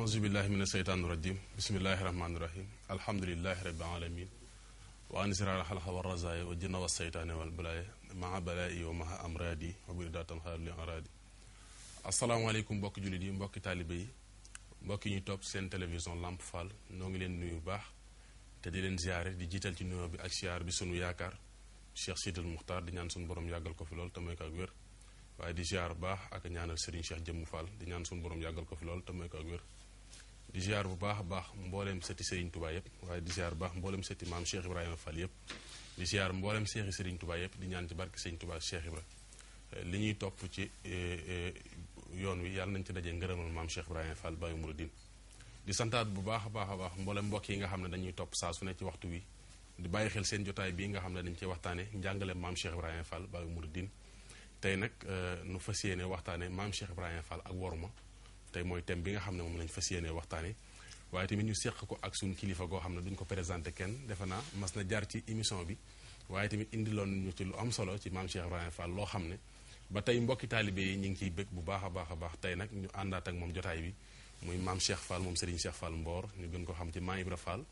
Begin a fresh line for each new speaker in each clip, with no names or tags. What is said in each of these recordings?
أعوذ بالله من الشيطان الرجيم بسم الله الرحمن الرحيم الحمد لله رب العالمين وأن على حلها والرزايا والجنة والشيطان والبلاي مع بلائي ومع أمرادي وبردات الخير لأرادي السلام عليكم بك جولي بك طالبي بك ني سين تلفزيون لامب فال نوغي لين نيو باخ te di leen ziare di jiital ci nuyoo bi ak siyaar bi sunu yaakaar Cheikh Sidil Muxtaar di ñaan sunu borom yàggal ko fi lool te may ko ak wér waaye di ziar baax ak ñaanal Serigne Cheikh Jëmm Fall di ñaan sunu borom yàggal ko fi lool te may ko wér di ziar bu baax a baax mboolem sëti Serigne Touba yëpp waaye di ziar bu baax mboolem sëti maam Cheikh Ibrahima Fall yëpp di ziar mboolem seexi Serigne Touba yëpp di ñaan ci barke Serigne Touba Cheikh Ibra li ñuy topp ci e, e, yoon wi yàlla nañ ci daje ngërëmal maam Cheikh Ibrahima Fall Baye Mouridine di santaat bu baax a baax a baax mboolem mbokk yi nga xam ne dañuy topp saa ne ci waxtu wi di bàyyi xel seen jotaay bii nga xam ne dañ cee waxtaane njàngale maam Cheikh Ibrahima Fall Baye Mouridine tey nag e, nu fas yéene waxtaane maam Cheikh Ibrahima Fall ak worma tey mooy thème bi nga xam ne moom lañ fas yéene waxtaane waaye tamit ñu seq ko ak suñu kilifa goo xam ne duñ ko présenté kenn defe naa mas na jaar ci émission bi waaye tamit indiloon ñu ci lu am solo ci maam Cheikh Ibrahima Fall loo xam ne ba mbokki taalibe ñu ngi ciy bëgg bu baax a a baax tey nag ñu àndaat ak moom jotaay bi muy maam Cheikh Fall moom Serigne Cheikh Fall Mboor ñu gën ko xam ci maam Ibra Fall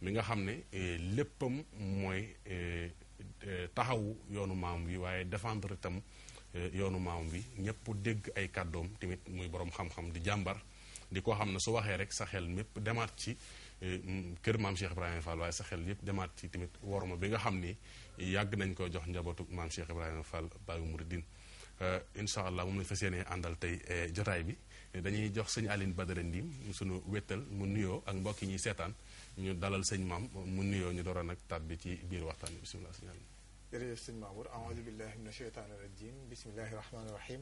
mi nga xam ne eh, léppam mooy eh, eh, taxawu yoonu maam bi waaye défendre tam Eh, yoonu maam bi ñëpp dégg ay kàddoom tamit muy borom xam-xam di jàmbar di ko xam ne su waxee rek sa xel mépp demaat ci eh, kër maam Cheikh Ibrahima Fall waaye sa xel yëpp demaat ci tamit worma bi nga xam ni yàgg nañ ko jox njabootu maam Cheikh Ibrahima Fall Baye Mouridine eh, incha allah moom lañ fas àndal tey jotaay bi dañuy jox sëñ Aline Badara Ndim sunu wéttal mu nuyoo ak mbokk yi ñuy seetaan ñu dalal sëñ maam mu nuyoo ñu door a nag tàbbi ci biir waxtaan bi bisimilah sëñ Aline
يريد السيد أعوذ بالله من الشيطان الرجيم بسم الله الرحمن الرحيم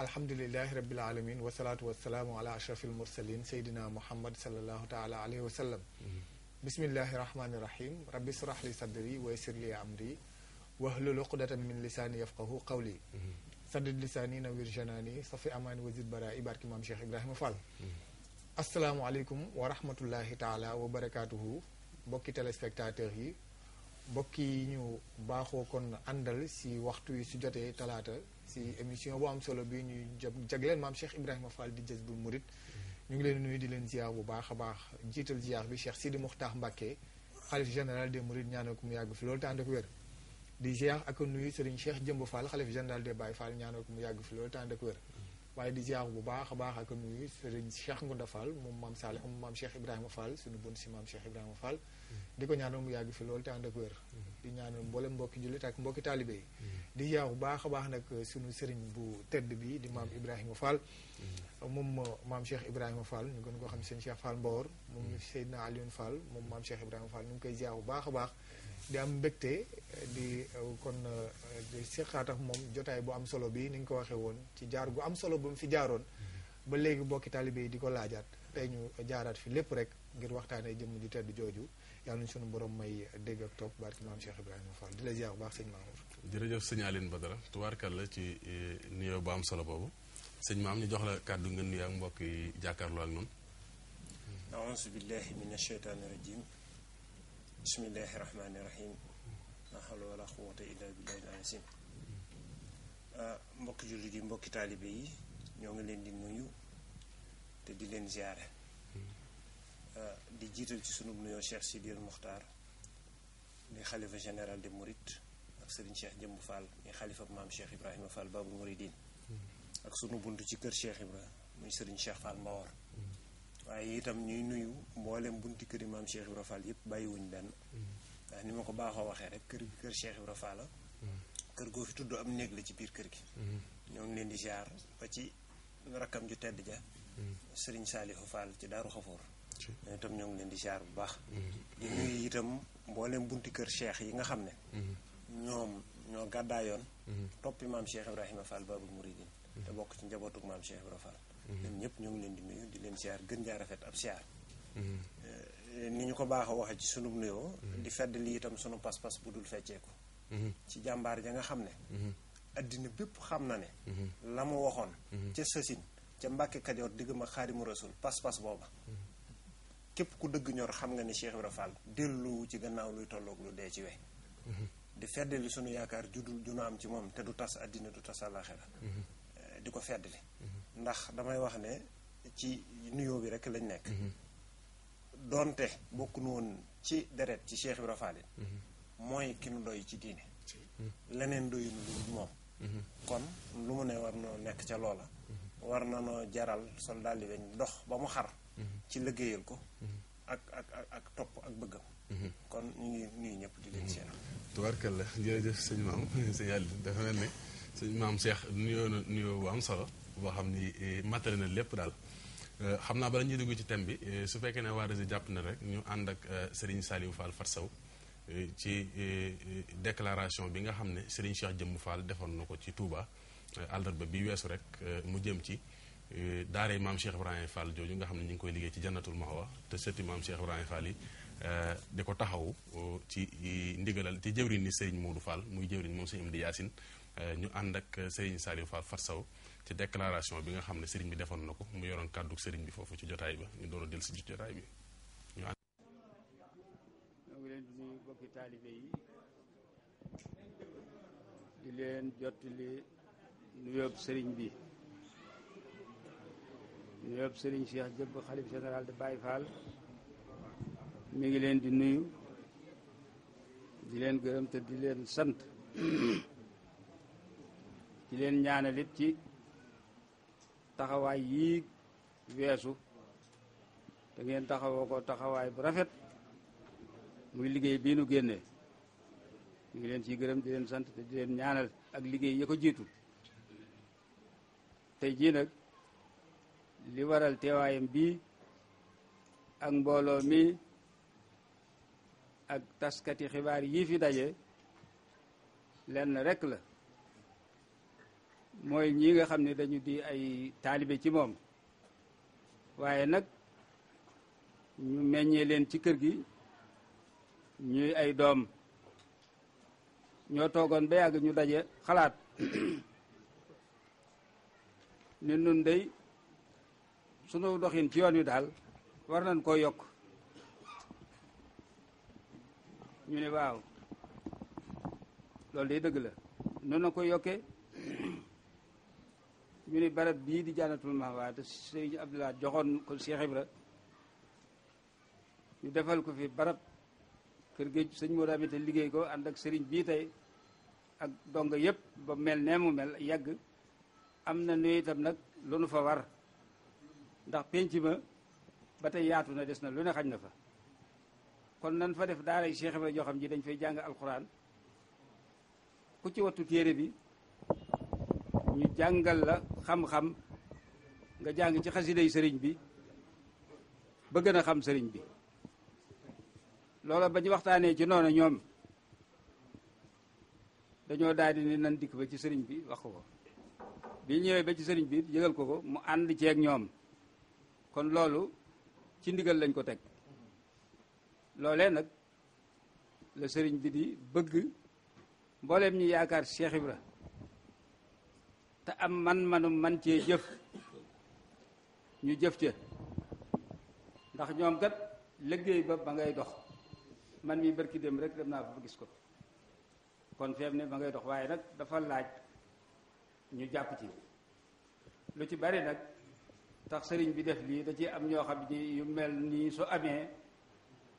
الحمد لله رب العالمين والصلاة والسلام على أشرف المرسلين سيدنا محمد صلى الله تعالى عليه وسلم بسم الله الرحمن الرحيم ربي اشرح لي صدري ويسر لي أمري واحلل عقدة من لساني يفقه قولي سدد لساني نوير جناني صفي أمان وزيد برائي بارك إمام شيخ إبراهيم فال السلام عليكم ورحمة الله تعالى وبركاته بوكي تيليسبكتاتور mbokk yi ñu baaxoo kon àndal si waxtu wi su jotee talaata si émission boo am solo bii ñuy jagleen maam Cheikh Ibrahima Fall di jës bu murit ñu ngi leen nuyu di leen ziar bu baax a baax jiital ziar bi Cheikh Sidi Mokhtar Mbacké xalif général des Mourides ñaanal ko mu yàgg fi loolu te ànd ak wér di ziar ak nuyu Serigne Cheikh Jëmb Fall xalif général des Baye Fall ñaanal ko mu yàgg fi loolu te ànd ak wér waaye di ziar bu baax a baax ak nuyu Serigne Cheikh moom maam Saalih moom maam Cheikh Ibrahima Fall suñu bun si maam di ko ñaanal mu yàgg fi loolu te ànd ak wér di ñaanal mboolem mbokki jullit ak mbokki taalibe yi di yaaw baax a baax nag euh, sunu sëriñ bu tedd bii di maam Ibrahima Fall moom euh, maam Cheikh Ibrahima Fall ñu gën koo xam seen Cheikh Fall Mbawor moom ñu mm. Seydina Alioune Fall moom maam Cheikh Ibrahima Fall ñu ngi koy yaaw bu baax a baax di am mbégte euh, di kon di seqaat moom jotaay bu am solo bii ni nga ko waxee woon ci jaar gu am solo bu mu fi jaaroon ba léegi mbokki taalibe yi di ko laajaat tey ñu jaaraat fi lépp rek ngir waxtaanee jëmm ju tedd jooju yàlla nañu sunu borom may dégg ak topp barki maam Cheikh Ibrahima Fall di la ziar bu baax sëñ la
jërëjëf sëñ ci eh, nuyoo bu am solo boobu sëñ maam ñu jox la kàddu nga nuyu ak mbokk yi jàkkaarloo ak noonu.
aouzu billahi min asheytaani rajim bismillahi rahmaani la hawla wala illa billahi al ah, mbokki jullit yi mbokki taalibe yi ñoo ngi leen di nuyu te di leen ziare. di jiital ci sunu nuyo cheikh sidir mukhtar ni khalifa general de mouride ak serigne cheikh jëmb fall ni khalifa maam cheikh ibrahim fall babu mouridine ak sunu buntu ci keur cheikh ibrahim muy serigne cheikh fall mawor waye itam ñuy nuyu mbolem buntu keur maam cheikh ibrahim fall bayyi wuñ ben ndax ni ma ko baaxoo waxee rek kër keur cheikh ibrahim fall keur go fi tuddu am neeg la ci bir keur gi ñoo ngi leen di jaar ba ci rakam ju tedd ja serigne salihou fall ci daru mais nah, itam ñoo ngi leen di ziar bu baax hmm. di nuyu hmm. itam mboolem bunti kër cheikh yi nga xam kan, ya? hmm. ne ñoom ñoo gàddaayoon toppi maam cheikh ibrahima fall babu muridin te bokk ci njabootuk maam cheikh ibrahima fall ñoom ñëpp ngi leen di nuyu di leen ziar gën jaa rafet ab ziar eh, ni ñu ko baaxa waxe ci sunu nuyoo di fedd li itam sunu pas-pas bu dul fecceeku ci jàmbaar ja nga xam kan, ya? ne addina bépp xam na ne la mu waxoon ca sësin ca mbàkke kajoor digg ma xaadimu rasul pas-pas booba képp ku dëgg ñor xam nga ni Cheikh Ibra Fall dellu ci gannaaw luy tolloog lu dee ci we mhm. di feddali sunu yaakaar judul ju nu am ci moom te du tas àddina du tas àllaaxira mhm. eh, di ko feddali mhm. ndax damay wax ne ci nuyoo bi rek lañ nekk doonte bokk nu woon ci deret ci Cheikh Ibra Fall mooy ki nu doy ci diine leneen doyul lu moom kon lu mu ne war noo nekk ca loola war na noo jaral sol daldi dox ba mu xar ci liggéeyal ko mm-hmm. ak ak ak ak topp ak bëggam mm-hmm. kon ñu ngi nuyu di leen mm-hmm. seen
tubaarkalla jërëjëf sëñ maam sëñ sëñ maam Cheikh nuyoo na nuyoo bu am solo boo xam ni eh, matale na lépp daal eh, xam naa bala ñuy dugg ci thème bi eh, su fekkee ne waa Rési jàpp na rek ñu ànd ak Serigne Saliou Fall Farsaw ci déclaration bi nga xam ne Serigne Cheikh Jëmm Fall defoon na ko ci Touba àllarba bi weesu rek mu jëm ci Euh, daaree maam Cheikh Ibrahima Fall jooju nga xam ne ñu ngi koy liggéey ci jannatul maxwa te sëtti maam Cheikh Ibrahima Fall yi euh, di ko taxaw euh, ci ndigalal ci jëwriñ ni Serigne Modou Fall muy jëwriñ moom Serigne Amdi Yaasin ñu ànd ak Serigne Saliou Fall Farsaw ci déclaration bi nga xam ne Serigne bi defoon na ko mu yoroon kàddu Serigne bi foofu ci jotaay ba ñu door a dellu ci jotaay bi. ñu ànd
ñoo leen di nuyu bokki taalibe yi di leen jottali nuyoob Serigne bi. nuyoob Serigne Cheikh Jëbb xalif général de Baye Fall mi ngi leen di nuyu di leen gërëm te di leen sant di leen ñaanalit ci taxawaay yii weesu te ngeen taxawoo ko taxawaay bu rafet muy liggéey bii nu génnee mu ngi leen ciy gërëm di leen sant te di leen ñaanal ak liggéey yi ko jiitu tey jii nag li waral teewaayam bii ak mbooloo mi ak taskati xibaar yii fi daje lenn rekk la mooy ñi nga xam ne dañu di ay taalibe ci moom waaye nag ñu meññee leen ci kër gi ñuy ay doom ñoo toogoon ba yàgg ñu daje xalaat ne nun day sunu doxin ci yoon wi daal war nañ koo yokk ñu ne waaw loolu de dëgg la noonu na koy yokkee ñu ni barab bii di jaanatul mahwa te sëriñ Abdoulaye joxoon ko Cheikh Ibra ñu defal ko fi barab kër géej sëñ moo daami te liggéey ko ànd ak sëriñ bii tey ak donga yëpp ba mel nee mu mel yàgg am na nuyu itam nag lu nu fa war ndax penc ma ba te yaatu na des na lu ne xaj na fa kon nan fa def daaray Cheikh Ibrahima joo xam ji dañ fay jàng alxuraan ku ci wattu téere bi ñu jàngal la xam-xam nga jàng ci xasiday sëriñ bi ba gën xam sëriñ bi loola ba ñu waxtaanee ci noonu ñoom dañoo daal di ni nan dikk ba ci sëriñ bi wax ko ko bi ñëwee ba ci sëriñ bi yëgal ko ko mu ànd ceeg ñoom kon loolu ci ndigal lañ ko teg loolee nag la sëriñ bi di bëgg mbooleem ñu yaakaar Cheikh Ibra te am man-manum man cee jëf ñu jëf ca ndax ñoom kat liggéey ba ba ngay dox man mi barki dem rek dem naa fa gis ko kon feem ne ba ngay dox waaye nag dafa laaj ñu jàpp ci lu ci bari nag tax serigne bi def li da ci am ño xam ni yu mel ni su amé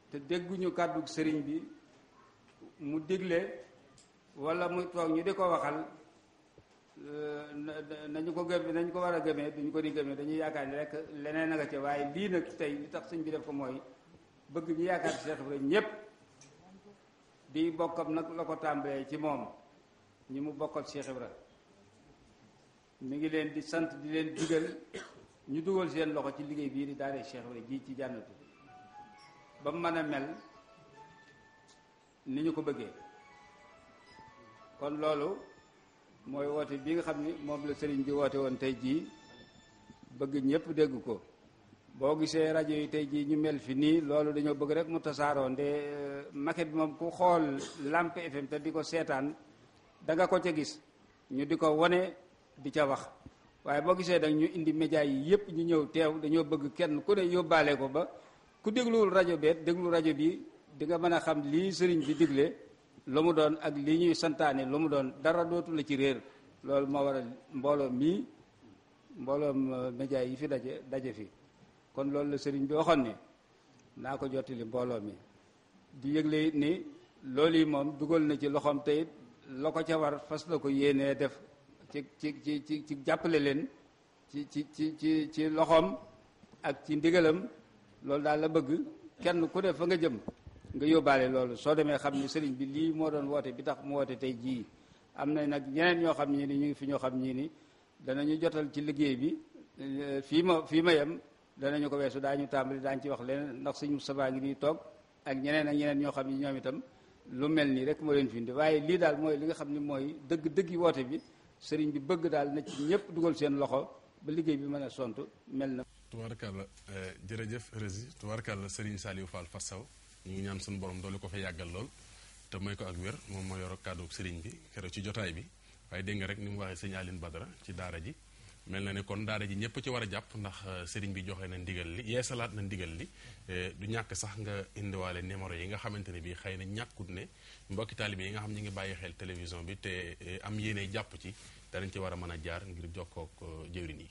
te dégguñu kaddu serigne bi mu diglé wala mu tok ñu diko waxal euh, nañu ko gëm nañ ko wara gëmé duñ ko di gëmé dañuy yaakaar ni rek leneen nga ci waye li nak tay li tax serigne bi def ko moy bëgg ñu yaakaar ci Cheikh rek ñepp di bokkam nak lako ko ci mom ñi mu bokkal Cheikh ibrahim mi ngi leen di sant di leen ñu dugal seen loxo ci liggéey bii di daare Cheikh Ibra ji ci jànnatu ba mën a mel ni ñu ko bëggee kon loolu mooy woote bi nga xam ni moom la sëriñ di woote woon tey jii bëgg ñëpp dégg ko boo gisee rajo yi tey jii ñu mel fi nii loolu dañoo bëgg rek mu tasaaroo de euh, maket bi moom ku xool Lamp FM te di ko seetaan danga ko ca gis ñu di ko wone di ca wax waaye boo gisee nag ñu indi média yi yépp ñu ñëw teew dañoo bëgg kenn ku ne yóbbaale ko ba ku dégluwul rajo beet déglu rajo bi di nga mën a xam lii sëriñ bi digle lu mu doon ak lii ñuy santaane lu mu doon dara dootu la ci réer loolu moo a mbooloo mii mbooloom euh, média yi fi daje daje fi kon loolu la sëriñ bi waxoon ni naa ko jottali mbooloo mi di yëgle it ni loolu yi moom dugal na ci loxoom teyit la ko ca war fas la ko yéenee def ci ci ci ci jàppale leen ci ci ci ci ci loxoom ak ci ndigalam loolu daal la bëgg kenn ku def fa nga jëm nga yóbbaale loolu soo demee xam ni sëriñ bi lii moo doon woote bi tax mu woote tey jii am na nag ñeneen ñoo xam ñii ni ñu ngi fi ñoo xam nii dana ñu jotal ci liggéey bi eh, fii ma fii ma yem danañu ko weesu daañu tàmbali daañu ci wax leneen ndax suñu sabaa ngi di toog ak ñeneen ak ñeneen ñoo xam ni ñoom itam lu mel nii rek moo leen fi indi waaye lii daal mooy li nga xam ni mooy dëgg dëggi woote bi sëriñ bi bëgg daal na ci ñëpp dugal seen loxo ba liggéey bi mën a sont mel na.
tubaarkàlla jërëjëf Rési tubaarkàlla sëriñ Saliou Fall Farsaw ñu ngi ñaan suñu borom doole ko fa yàggal lool te may ko ak wér moom moo yor kàddu sëriñ bi keroog ci jotaay bi waaye dégg nga rek ni mu waxee sëñ Aline Badara ci daara ji. mel na ne kon daara ji ñëpp ci war a jàpp ndax euh, sëriñ bi joxe na ndigal li yeesalaat na ndigal li euh, du ñàkk sax nga indiwaale numéro yi nga xamante ne bi xëy na ñàkkut ne mbokki taalibe yi nga xam ñi ngi bàyyi xel télévision bi te euh, am yéene jàpp ci danañ ci war a mën a jaar ngir jokkoog jëwrin yi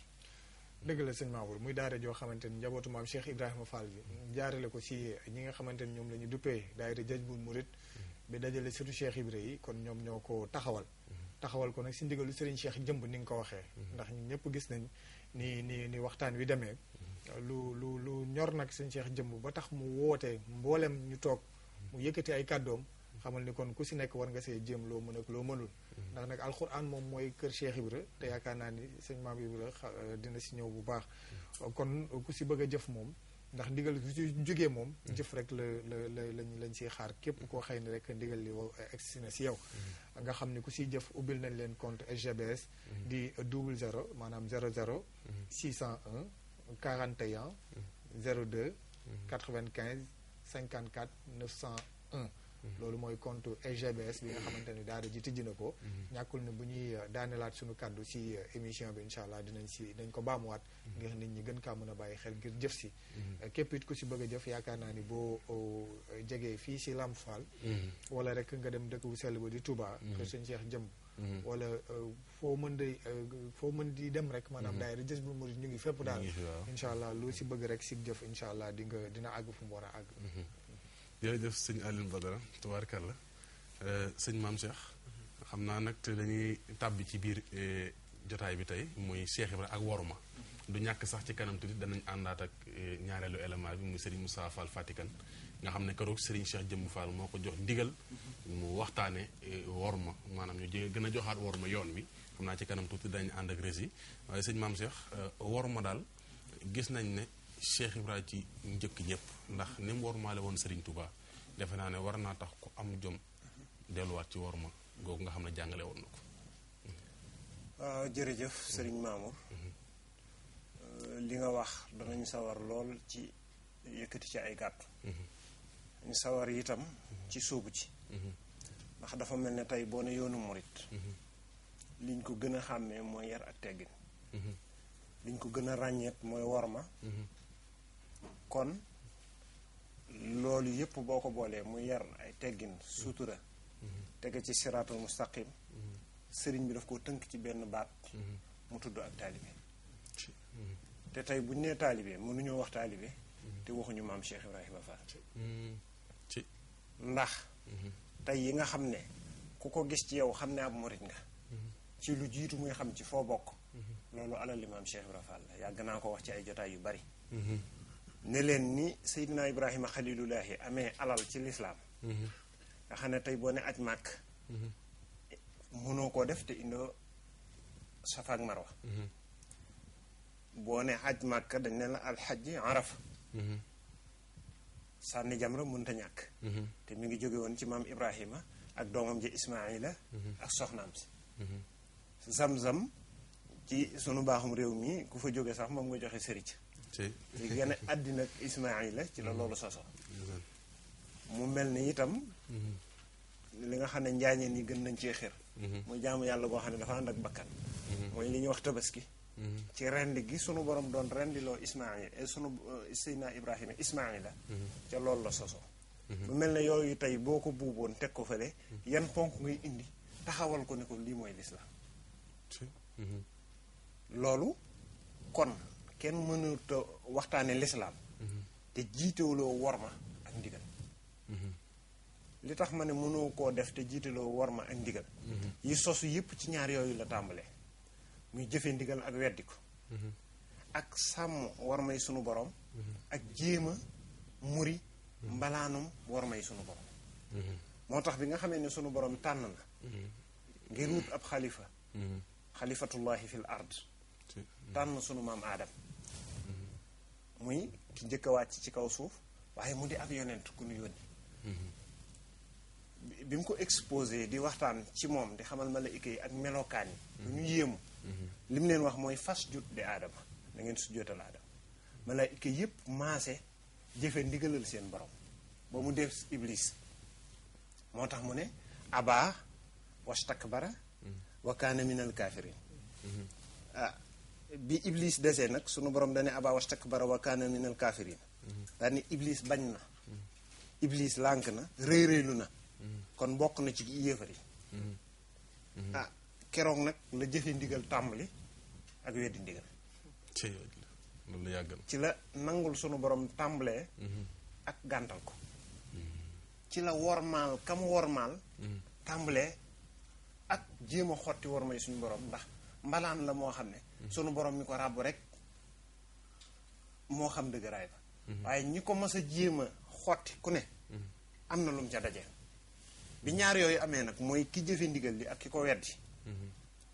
dëgg la sëñ Mamour muy daara joo xamante ni njabootu maam Cheikh Ibrahima Fall bi jaarale ko ci ñi nga xamante ni ñoom la ñu duppee daayira jaj bu murit mm. bi dajale surtout Cheikh Ibrahima yi kon ñoom ñoo ko taxawal mm. taxawal ko nag si ndigalu Serigne Cheikh jëmb ni nga ko waxee. Mhm. ndax ñun ñëpp gis nañ ni ni ni waxtaan wi demee. Mhm. lu lu lu ñor nag Serigne Cheikh jëmb ba tax mu wootee mboolem ñu toog mu mhm. yëkkati ay kàddoom. xamal ni kon ku si nekk war nga see jëm loo mën ak loo mënul. ndax nag alxuraan moom mooy kër bi rek te yaakaar naa ni sëñ Maam Ibra dina si ñëw bu baax. kon ku si bëgg a jëf moom. ndax ndigal su mom, moom jëf rek le le lañ lañ ci xaar képp ko xëy ni rek ndigal li wax eh, egsi na yow mm-hmm. nga xamni ku ci jëf ubil nañ leen compte SGBS mm-hmm. di 00, manam 00, 601, 41 02 95 54 901 loolu mooy compte SGBS bi nga xamante ni daara ji tijji na ko mhm. ñàkkul ne bu ñuy euh, daanelaat suñu kàddu ci euh, émission bi incha allah dinañ si dañ ko baamuwaat mhm. ngir nit ñi gën kaa mën a bàyyi xel ngir jëf si mhm. euh, képp it ku si bëgg a yaakaar naa ni boo jegee fii si Lamp Fall wala rek nga dem dëkk bu sell ba di Touba kër sëñ jëm wala foo mën de foo mën di dem rek maanaam daayira Jazbul Murid ñu ngi fépp daal incha allah loo si bëgg rek si jëf incha allah di nga dina àgg fu mu war a àgg
jërëjëf sëñ Alioune Badara tubaarkàlla euh, sëñ maam Cheikh xam naa nag te dañuy tàbbi ci biir euh, jotaay bi tey muy Cheikh Ibra ak ma du ñàkk sax ci kanam tuuti danañ àndaat ak euh, ñaareelu élément bi muy Serigne Moussa Fall Fatikan nga xam ne keroog Serigne Cheikh Jëmb faal moo ko jox ndigal mu waxtaane ma maanaam ñu jë gën a joxaat ma yoon wi xam naa ci kanam tuuti danañ ànd ak rési waaye sëñ maam Cheikh ma daal gis nañ ne Cheikh Ibra ci njëkk ñépp ndax ni mu wormaale woon sëriñ Touba defe naa ne war naa tax ku am jom delluwaat ci ma googu nga xam ne jàngale woon na ko.
waaw ah, jërëjëf sëriñ Mamour. Euh, li nga wax danañ sawar lool ci yëkkati ci ay gàtt. Mhm. ñu sawar itam ci sóobu ci. Mhm. ndax dafa mel ne tey boo ne yoonu murit. Mhm. liñ ko gën a xàmmee mooy yar ak teggin. liñ ko gën a ràññeet mooy ma kon loolu yëpp boo ko boolee muy yar ay teggin sutura tege ci siraatul mustaqim sëriñ bi daf koo tënk ci benn baat mu tudd ak taalibe te tey buñ ñu nee taalibe mënuñoo wax taalibe te waxuñu maam Cheikh Ibrahima Fall ndax mhm. tey yi nga xam ne ku ko gis ci yow xam ne ab morit nga ci lu jiitu muy xam ci foo bokk mhm. loolu alal li maam Cheikh Ibrahima Fall yàgg naa ko wax ci ay jotaay yu bari mhm. ne leen ni Seydina Ibrahima xalilullahi amee alal ci lislaam mhm. nga xam ne tey boo ne aj màkk mhm. mënoo koo def te indoo safa ak mhm. boo ne aj màkk dañ ne la alxaj arafa sànni jamra mënta ñàkk te mi ngi jóge woon ci maam Ibrahima ak doomam ji Ismaila ak soxnaam si zam-zam ci sunu baaxum réew mi ku fa jóge sax moom nga joxe sëriñ
ci gën
a àddina ak Ismaayila ci la loolu soso mu mel ni itam li nga xam ne njaañeen ni gën nañ cee xir muy jaamu yàlla goo xam ne dafa ànd bakkan mooy li ñuy wax tabaski ci rend gi sunu borom doon rendi loo Ismaayil eh, sunu eh, Seydina Ibrahima Ismaayila ca loolu la soso mu mel ne yooyu tey boo ko buuboon teg ko fële yan ponk ngay indi taxawal ko ne ko lii mooy la loolu kon ken mënuta waxtaane lislaam mhm. te jiitewuloo worma
ak ndigal mhm.
li tax ma ne mënoo koo def te jiitaloo worma ak ndigal mhm. yi sosu yépp ci ñaar yooyu la tàmbalee muy jëfe ndigal ak weddi ak sàmm sunu borom ak jéema muri mbalaanum warma sunu borom moo tax bi nga xamee ne sunu borom tànn na ngir wut ab xalifa xalifatullahi fil ard tànn sunu maam muy ki njëkk a wàcc ci kaw suuf waaye mu di ab yonent ku nu yónni
mm-hmm.
bi mu ko exposé di waxtaan ci moom di xamal malaayika yi ak melokaan yi lu ñu yéemu mm-hmm. li mu leen wax mooy fas jut de aadama da ngeen su jotal aadama malaayika yépp maase jëfe ndigalal seen borom ba mu def iblis moo tax mu ne abaa wastakbara mm-hmm. wa kaana minal kaafiriin ah, bi Iblis desee nag sunu borom dane aba wastakbara wa kaana kaafiriin daal ne Iblis bañ na Iblis lànk na rëy rëylu na kon bokk na ci yéefar yi ah, keroog nag la jëfe ndigal tàmbali ak weddi ndigal loolu ci la nangul sunu borom tàmbalee ak gàntal ko ci la wormaal kam wormaal tàmbalee ak jéem a xotti wormay suñu borom ndax mbalaan la moo xam ne Mm-hmm. sunu borom mi ko ràbb rek mo xam ray ba mm-hmm. waye ñi ko mësa jima xoti ku ne mm-hmm. amna lu lum ca daje bi ñaar yoy amé nak moy ki jëfe ndigal li ak kiko ko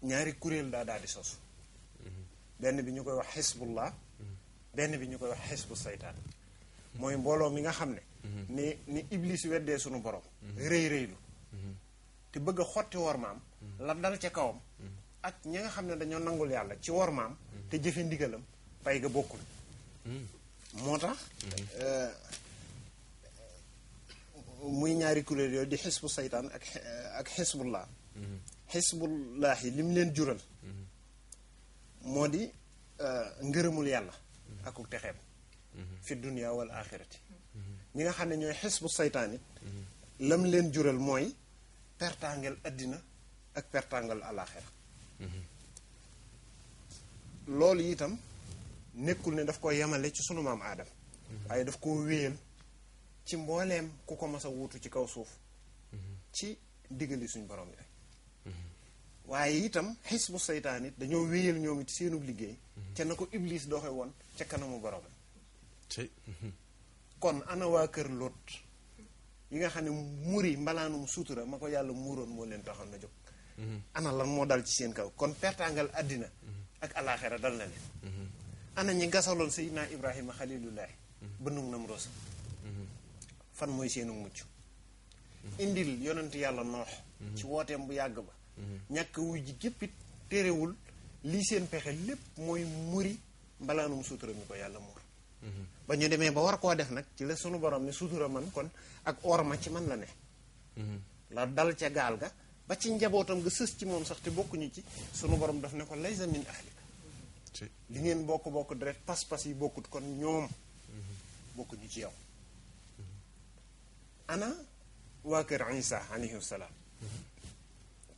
ñaari kurel da di sosu benn bi ñukoy wax hisbullah benn bi ñukoy wax hisbu moy mbolo mi nga ni ni iblis weddee sunu borom reey lu te bëgg xoti wor maam la dal ci kawam ak ñi nga xam ne dañoo nangul yàlla ci war maam te jëfe ndigalam pay ga bokkul moo tax euh, muy ñaari kuréel yooyu di xisbu saytaan ak ak xisbullah xisbullah yi li mu leen jural moo di euh, ngërëmul yàlla ak ku texeem fi dunia wal axirati ñi nga xam ne ñooy xisbu saytaan it lam leen jural mooy pertangel àddina ak pertangel alaxira Mhm. loolu itam nekkul ne daf ko yemale ci sunu maam aadam mhm. waaye daf koo wéyal ci mbooleem ku ko mas a wuutu ci kaw suuf mhm. ci diggali suñ borom yi rek waaye itam xisbu seytaan it dañoo wéyal ñoom it seenub liggéey ca ko iblis doxe woon ca kanamu borom kon ana waa kër Lóot yi nga xam ne muri mbalaanum sutura ma ko yàlla muroon moo leen taxoon na jóg Mhm. ana lan moo dal ci seen kaw kon pertangal àddina mhm. ak alaxira dal na leen mhm. ana ñi gasaloon sayidna ibrahima xalilullah ba nung nam rosa fan mooy seenu mucc indil yonent yàlla noox ci wooteem bu yàgg ba ñàkk wuy ji géppit lii seen pexe lépp mooy muri mbalaanum suutura mi ko yàlla muur ba ñu demee ba war koo def nag ci la sunu borom ne sutura man kon ak orma ci man la ne la dal ca gaal ba ci njabootam nga sës ci moom sax te bokkuñu ci sunu borom daf ne ko laysa min ahlika li ngeen bokk bokk deret pas-pas yi bokkut kon ñoom mm-hmm. bokkuñu ci yow ana waa kër Isa alayhi salaam mm-hmm.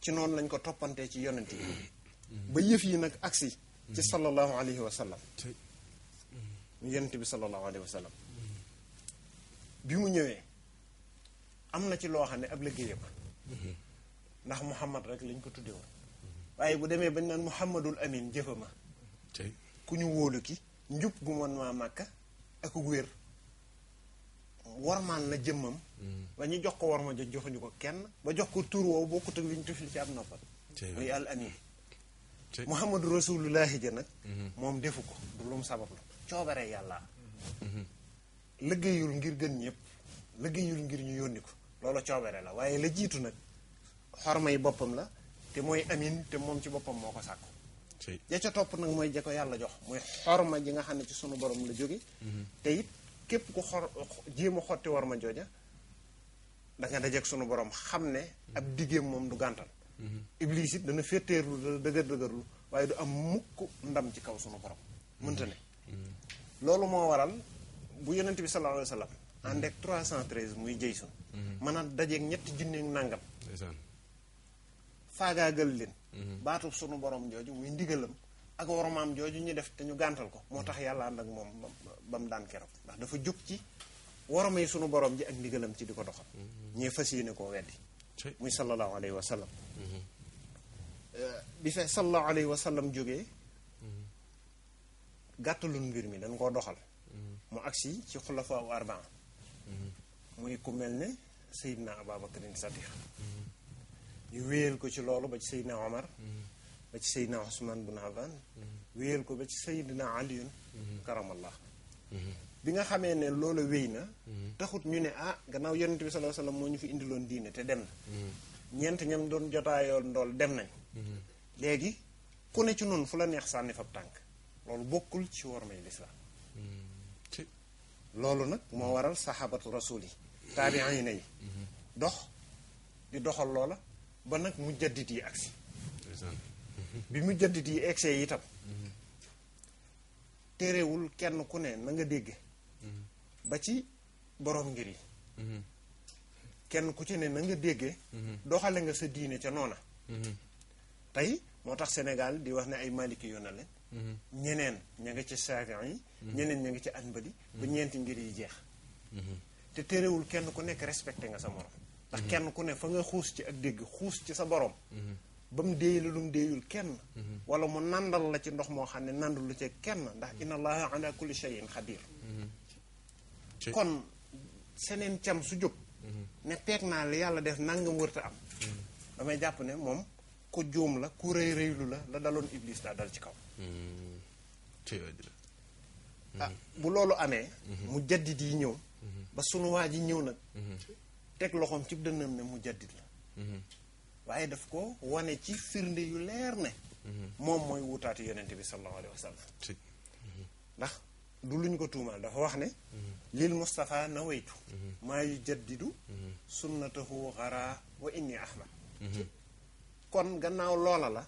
ci noonu lañ ko toppantee ci yonent yi mm-hmm. ba yëf yi nag agsi ci sallallahu alayhi wa sallam yonent bi sallallahu alayhi wa bi mu ñëwee am na ci loo xam ne ab liggéeyam ndax Muhammad rek lañ ko tudde woon waaye bu demee bañ naan Muhammadul Amin jëfama ku ñu wóolu ki njub gu mën maa màkka ak wér warmaan la jëmmam mm. ba ñu jox ko war ma jox joxuñu ko kenn ba jox ko tur woowu bokkut ak li ñu tufli ci ab noppal muy al amin muhammadu rasulullahi ja nag mm-hmm. moom defu ko du lu mu sabab la coobaree yàlla mm-hmm. liggéeyul ngir gën ñëpp liggéeyul ngir ñu yónni ko loolu coobare la waaye la jiitu nag xormay boppam la te mooy amin te moom ci boppam moo ko sàkku ja ya ca topp nag mooy ja ko yàlla jox mooy xorma ji nga xam ne ci sunu borom la jóge mhm. te it képp ku xor jéem a xotti war ma jooja da nga dajeeg sunu borom xam ne ab digéem moom du gàntal mhm. iblis it dana fétteerlu dana dëgër dëgërlu waaye du am mukk ndam ci kaw sunu borom mënta ne mhm. loolu moo waral bu yonente bi sallallahu alayhi wa sallam ànd ak 313 muy jëysu mën a dajeeg ñetti nangam faagaagal leen mhm. baatub sunu borom jooju muy ndigalam ak warmaam jooju ñu def te ñu gàntal ko moo tax mhm. yàlla ànd ak moom ba mu daan keroog ndax dafa jug ci warmay sunu borom ji ak ndigalam ci di ko doxal mhm. ñee fas yéene koo weddi muy sallallahu alayhi wa sallam euh, bi fe sallallahu alayhi wa sallam jógee gàttalun mbir mi dañ koo doxal mu agsi ci xulafa arbaa muy ku mel ne sayidna sadiq ñu wéyal ko ci loolu ba ci Seydina Omar mm-hmm. ba ci Seydina Ousmane bun Affan mm-hmm. wéyal ko ba ci Seydina Aliyun mm-hmm. karamallah bi nga xamee ne loola wéy na taxut ñu ne ah gannaaw yonent bi sallallahu alayhi wasallam moo ñu fi indiloon diine te dem na ñeent ñam doon jotaayoo ndool dem nañ léegi ku ne ci noonu fu la neex sànni fab tànk loolu bokkul ci war may lislaam loolu nag moo waral saxaabatu rasuul yi taabiina yi dox di doxal loola ba nag mu jaddit yi agsi bi mu jaddit yi egsee itam téerewul kenn ku ne na nga dégg ba ci boroom ngir yi kenn ku ci ne na nga déggee doxale nga sa diine ca noona tey moo tax Sénégal di wax ne ay maliki yoon na leen ñeneen ña ngi ca saafiyan yi ñeneen ña nga ci anbali ba ñeenti ngir yi jeex te téerewul kenn ku nekk respecté nga sa morom ndax kenn ku ne fa nga xuus ci ak dégg xuus ci sa borom. ba mu déey la lu mu déeyul kenn. wala mu nandal la ci ndox moo xam ne nandul la ci kenn ndax inna allaha ala kulli shay'in xadir kon seneen cam su jóg. ne peeg naa li yàlla def nangam wërta am. damay jàpp ne moom ku juum la ku rëy rëylu la la daloon iblis daa dal ci kaw. ah bu loolu amee. mu jaddit yi ñëw. Mhm. ba sunu waa ji ñëw nag. Mhm. teg loxoom ci dënnam ne mu jaddit la mhm. waaye daf ko wane ci firnde yu leer ne
mhm. moom mooy
wutaatu yonent bi sallallahu alayhi wa sallam
mhm.
ndax du lu ñu ko tuumaal dafa wax ne lil Mustafa na weytu maa yu jaddidu sunnatahu xara wa inni ahmad kon gannaaw loola la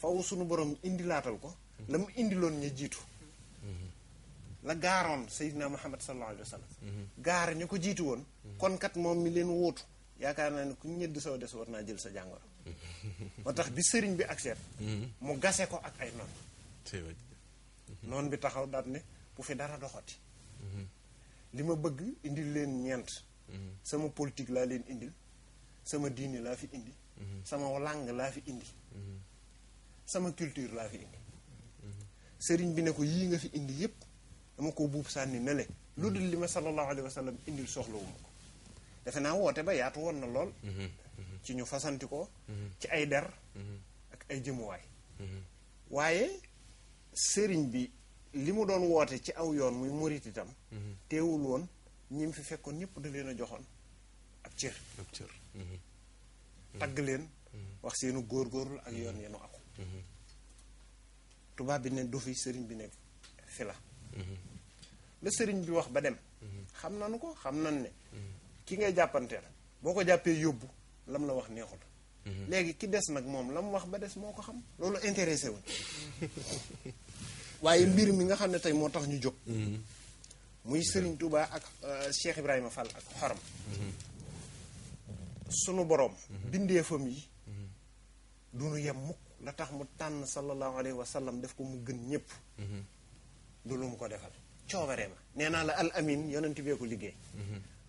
faw sunu borom indilaatal ko la mu indiloon ña jiitu la gaaroon Seydina Muhammad sallallahu alayhi wa sallam mhm. gaar ñu ko jiitu woon mhm. konkat moom mi leen wootu yaakaar naa ni ku ñëdd soo des war naa jël sa jàngoro
mhm. moo
tax bi sëriñ bi ak seet mu gase ko ak ay
noon
noon bi taxaw daat ne dara doxati li ma bëgg indil leen ñeent sama politique laa leen indil sama diini laa fi indi sama langue laa fi indi sama culture laa fi indi sëriñ bi ne ko yii nga fi indi yépp dama koo buub sànni ne le lu dul li ma sallallahu alayhi wa sallam indil soxlawu ko defe naa woote ba yaatu woon na lool
mhm, mhm.
ci ñu fasanti ko mhm. ci ay der ak ay jëmuwaay waaye sëriñ bi li mu doon woote ci aw yoon muy murit itam teewul woon ñim fi fekkoon ñëpp da leen a joxoon ab cër tagg leen wax seenu góorgóorlu ak yoon yenu aku tubaab bi ne du sëriñ bi nekk fi la sëriñ bi wax ba dem mhm. xam nañ ko xam nañ ne mhm. ki ngay jappante la boko jappé yobbu lam la wax neexul mhm. légui ki dess nak mom lam wax ba dess moko xam lolu intéressé wuñ waye mbir mi nga xamne tay motax ñu muy touba ak euh, cheikh ibrahima fall ak xoram sunu borom fam yi duñu yam mukk la tax mu tan sallallahu alayhi wa sallam def ko mu gën ñepp du mu ko defal coobareem nee la al amin yonent bee ko liggéey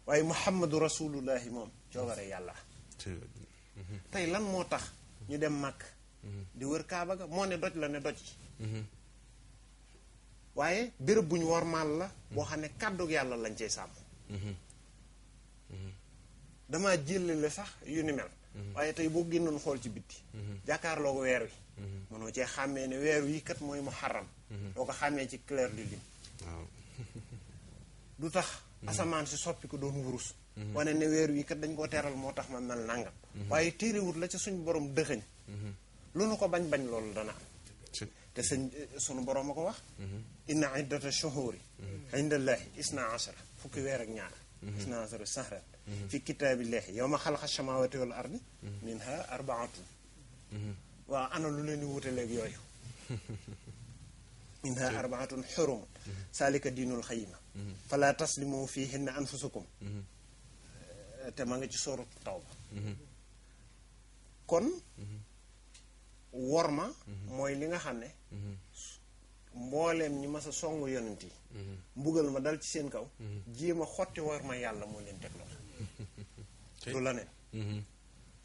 waaye muhammadu rasulullahi moom coobare yàlla tey lan moo tax ñu dem màkk di wër kaaba ga moo ne doj la ne doj waaye béréb buñ wormaal la boo xam ne kàddug yàlla lañ cay sàmm dama le sax yu ni mel waaye tey boo génnoon xool ci bitti jàkkaarloo ko weer wi mënoo cee xàmmee ne weer wi kat mooy muharram doo ko xàmmee ci clair de lune waaw du tax mm-hmm. asamaan si soppi ko doon wurus mm-hmm. wane ne weer wii kat dañ koo teeral moo tax ma mel nangam mm-hmm. waaye téerewut la ca suñ borom dëxëñ lu nu ko bañ bañ loolu dana am te sëñ eh, sunu borom a ko wax inna iddata shuhuri indallaahi isna ashara fukki weer ak ñaar isna ashara sahran fi kitaabillahi yow ma xalaqa samawati wal ardi minha arbaatun waaw ana lu leen di wutaleeg yooyu minha arbaatun xurum saalika diinul xayima fala taslimu fihinna anfusukum te ma nga ci sóoru tawba kon ma mooy li nga xam ne mbooleem ñi mas a songu yonent yi mbugal ma dal ci seen kaw jéem a xotti ma yàlla moo leen teg lool
lu la neen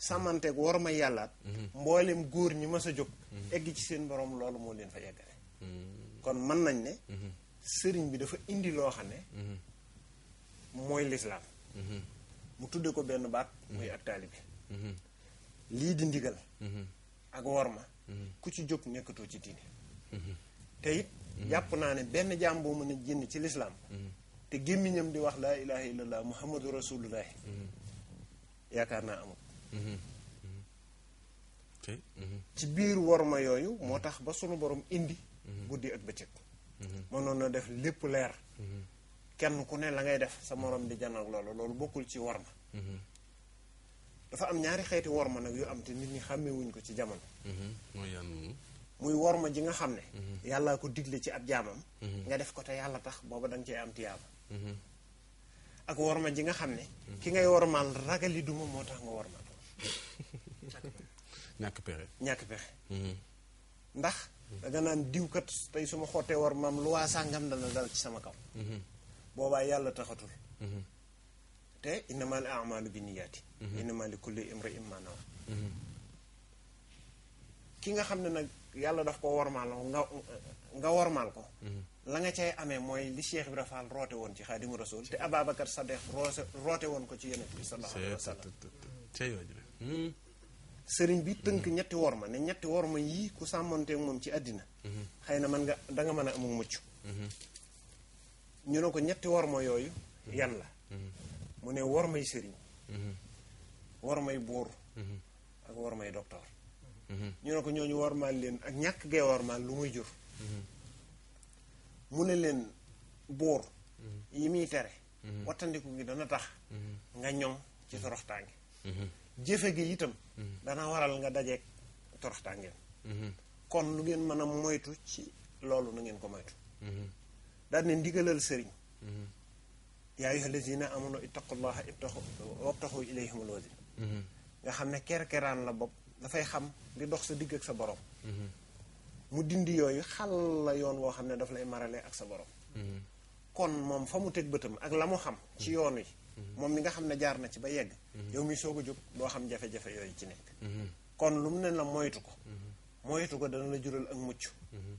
sàmmanteeg worma yàllaat mbooleem góor ñi mas a jóg egg ci seen borom loolu moo leen fa yeggale kon mën nañ ne mhm. sëriñ bi dafa indi loo xam ne mhm. mooy lislaam mhm. mu tudde ko benn baat mooy ak taalibe lii di ndigal ak worma ku ci jóg nekkatoo ci diine te it jàpp naa ne benn jaam boo mën a génn ci lislaam te gémmiñam di wax laa ilaha illallah muhammadu rasulullahi yaakaar naa amul ci biir worma yooyu moo tax ba sunu borom indi guddi ak bëccëg mhm. mënoon na def lépp leer mhm. kenn ku ne la ngay def sa morom di janal loolu loolu bokkul ci war mhm. dafa am ñaari xeeti war ma nag yu am te nit ñi xàmmewuñ ko ci jamono
mooy yan
muy war ma ji nga xam ne yàlla ko digle ci ab jaamam nga def ko te yàlla tax booba da nga am tiyaaba ak war ma ji nga xam ne ki ngay warmaal ragali duma moo tax nga warmaal
ñàkk pexe ñàkk pexe
ndax da nga naan diwkat tey su ma xottee war maam lu waa sàngam dana dal ci sama kaw mhm. boobaa yàlla taxatul mhm. te innamal a'malu bi niyaati mhm. innamal li kulli imri'in ma ki nga xam ne nag yàlla daf ko warmaal nga nga warmaal ko la nga cay amee mooy li Cheikh bi Fall roote woon ci xaadimu rasul te Ababacar Saddex roote woon ko ci yonent bi sallallahu alayhi wa
sallam
sëriñ bi tënk ñetti worma ne ñetti worma yii ku sàmmonteeg moom ci àddina xëy na mën nga da nga mën a amul mucc ñu ne ko ñetti worma yooyu yan la mu ne wormay sëriñ wormay buur ak wormay docteur ñu ne ko ñooñu wormaal leen ak ñàkk gee wormaal lu muy jur mu ne leen buur yi muy tere wattandiku gi dana tax nga ñoŋ ci toroxtaange jëfe gi itam mm-hmm. dana waral nga dajeeg toroxtàngeen mm-hmm. kon lu ngeen mën a moytu ci loolu na ngeen ko moytu mm-hmm. daal ne ndigalal sëriñ yaa ayyuha lazina amanu ittaqullaha ibtaxu wabtaxu ilayhimul wasila nga xam ne kerkeraan la bopp dafay xam di dox sa digg ak sa borom mu dindi yooyu xal la yoon woo xam ne daf lay marale ak sa borom kon moom fa mu teg bëtam ak la mu xam ci yoon wi moom mi nga xam ne jaar na ci ba yegg mhm. yow mi soo a jóg doo xam jafe-jafe yooyu ci nekk mhm. kon lu mu ne la moytu ko mhm. moytu ko dana la jural ak mucc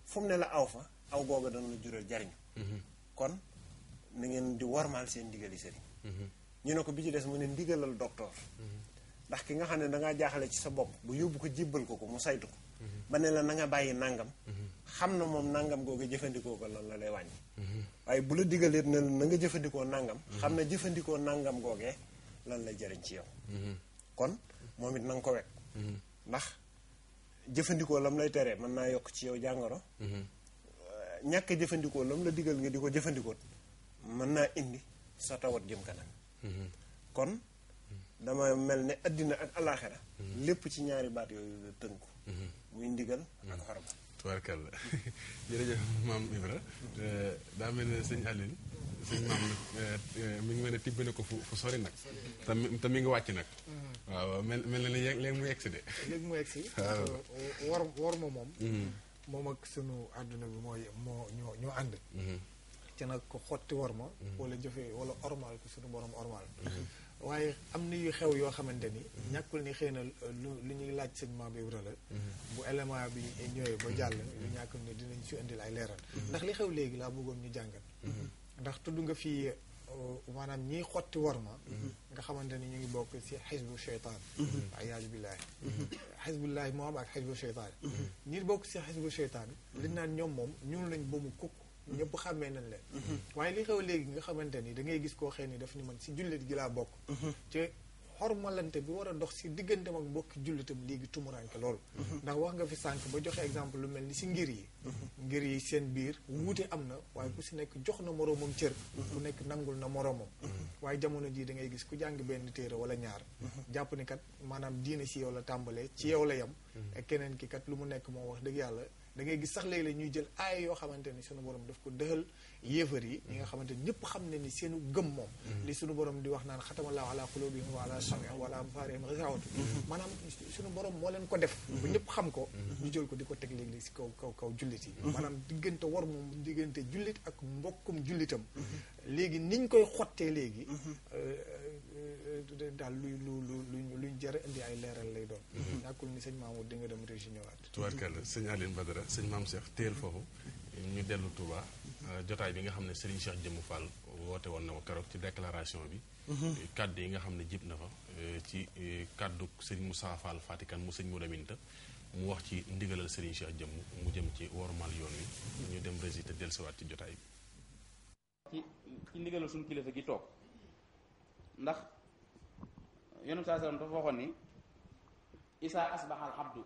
fu mu ne la aw fa aw googa dana la jural jariñu kon na ngeen di wormaal seen ndigali sëriñ ñu ne ko bi ci des mu ne ndigalal docteur ndax ki nga xam ne dangaa jaaxale ci sa bopp bu yóbbu ko jibbal ko ko mu saytu ko ba ne la na nga bàyyi nangam xam na moom nangam googa jëfandikoo ko lan la lay wàññi waaye bu la digalee na na nga jëfandikoo nangam xam ne jëfandikoo nangam googee lan la jëriñ ci yow mhm. kon moom it na nga ko wek mhm. ndax jëfandikoo lam lay teree mën naa yokk ci yow jàngoro mhm. ñàkk jëfandikoo lam la digal nga di ko jëfandikoo mën naa indi sa tawat jëm kanam kon dama mel ne addina ak alaxira lépp ci ñaari baat yooyu la tënku muy ndigal
ak
tubaarkàlla jërëjëf maam Ibra euh, daa mel ne sëñ Aline sëñ maam nag euh, euh, mi ngi mel ne tibb na ko fu sori nag te mi ngi wàcc nag mhm. waaw mel mel na léegi mu egsi de
léegi mu egsi war war ma moom mhm. moom ak sunu àdduna bi mooy moo ñoo ñoo ànd
ci
mhm. nag ko xotti war ma wala jëfe wala ormal ko sunu borom ormal waaye am na yu xew yoo xamante ni ñàkkul ni xëy na lu ñuy laaj sëñ Mame Ibra la mhm. bu élément bi ñëwee ba jàll lu mhm. ñàkkul ne dinañ ci indil ay leeral mhm. ndax li xew léegi laa bëggoon ñu jàngat ndax tudd nga fii uh, maanaam ñiy xotti warma nga xamante ni ñu ngi bokk ci xisbu cheytaan ayaaju billaahi xisbullaahi moo am ak xisbu cheytaan ñi bokk ci xisbu cheytaan liñ naan ñoom moom ñun lañ ba mu kukk ñëpp xàmmee nañ leen mhm. waaye li xew léegi nga xamante ni da ngay gis koo xëy ni daf ni man si jullit gi laa bokk ci mhm. xormalante bi war a dox si digganteem ak bokki jullitam léegi tumuranke loolu mhm. ndax wax nga fi sànq ba joxe exemple lu mel ni si ngir yi ngir yi seen biir wuute am na waaye ku si nekk jox na moroomam cër ku nekk nangul na moroomam waaye jamono jii da ngay gis ku jàng benn téere wala ñaar jàpp ni kat maanaam diine si yow la tàmbalee ci yow la yem keneen ki kat lu mu nekk moo wax dëgg yàlla da ngay gis sax léegi léeg ñuy jël aay yoo xamante ni sunu boroom daf ko dëxal yéefar yi ñi nga xamante ni ñëpp xam ne ni seenu gëm moom mm-hmm. li sunu borom di wax naan xatamallaahu ala qulubihim wa ala sam'ihim wa ala absaarihim xisaawatu mm-hmm. maanaam sunu boroom moo leen ko def bu mm-hmm. xam ko ñu jël ko di ko teg léeg-léeg si kaw kaw kaw jullit yi maanaam diggante war moom diggante jullit ak mbokkum jullitam léegi niñ koy xottee léegi euh, daal luy lu lu lu luy jar a indi ay leeral lay doon. Mm-hmm. ñàkkul ni sëñ Mamour di nga dem régi ñëwaat.
tubaarkàlla sëñ Aline Badara sëñ Maam Cheikh teel foofu ñu dellu Touba euh, jotaay bi nga xam ne Serigne Cheikh Jëmmu Fall woote woon na ko keroog ci déclaration bi. Mm-hmm. Euh, kaddu yi nga xam ne jib na fa euh, ci kaddu sëñ Moussa Fall Fatikan mu sëñ Moura Minta mu wax ci ndigalal Serigne Cheikh Jëmm mu jëm ci wormal yoon wi ñu dem régi te dellusiwaat ci jotaay
bi. ci ndigalal suñu kilifa gi toog ndax. yonum saa sallam dafa ni isa asbaha al abdu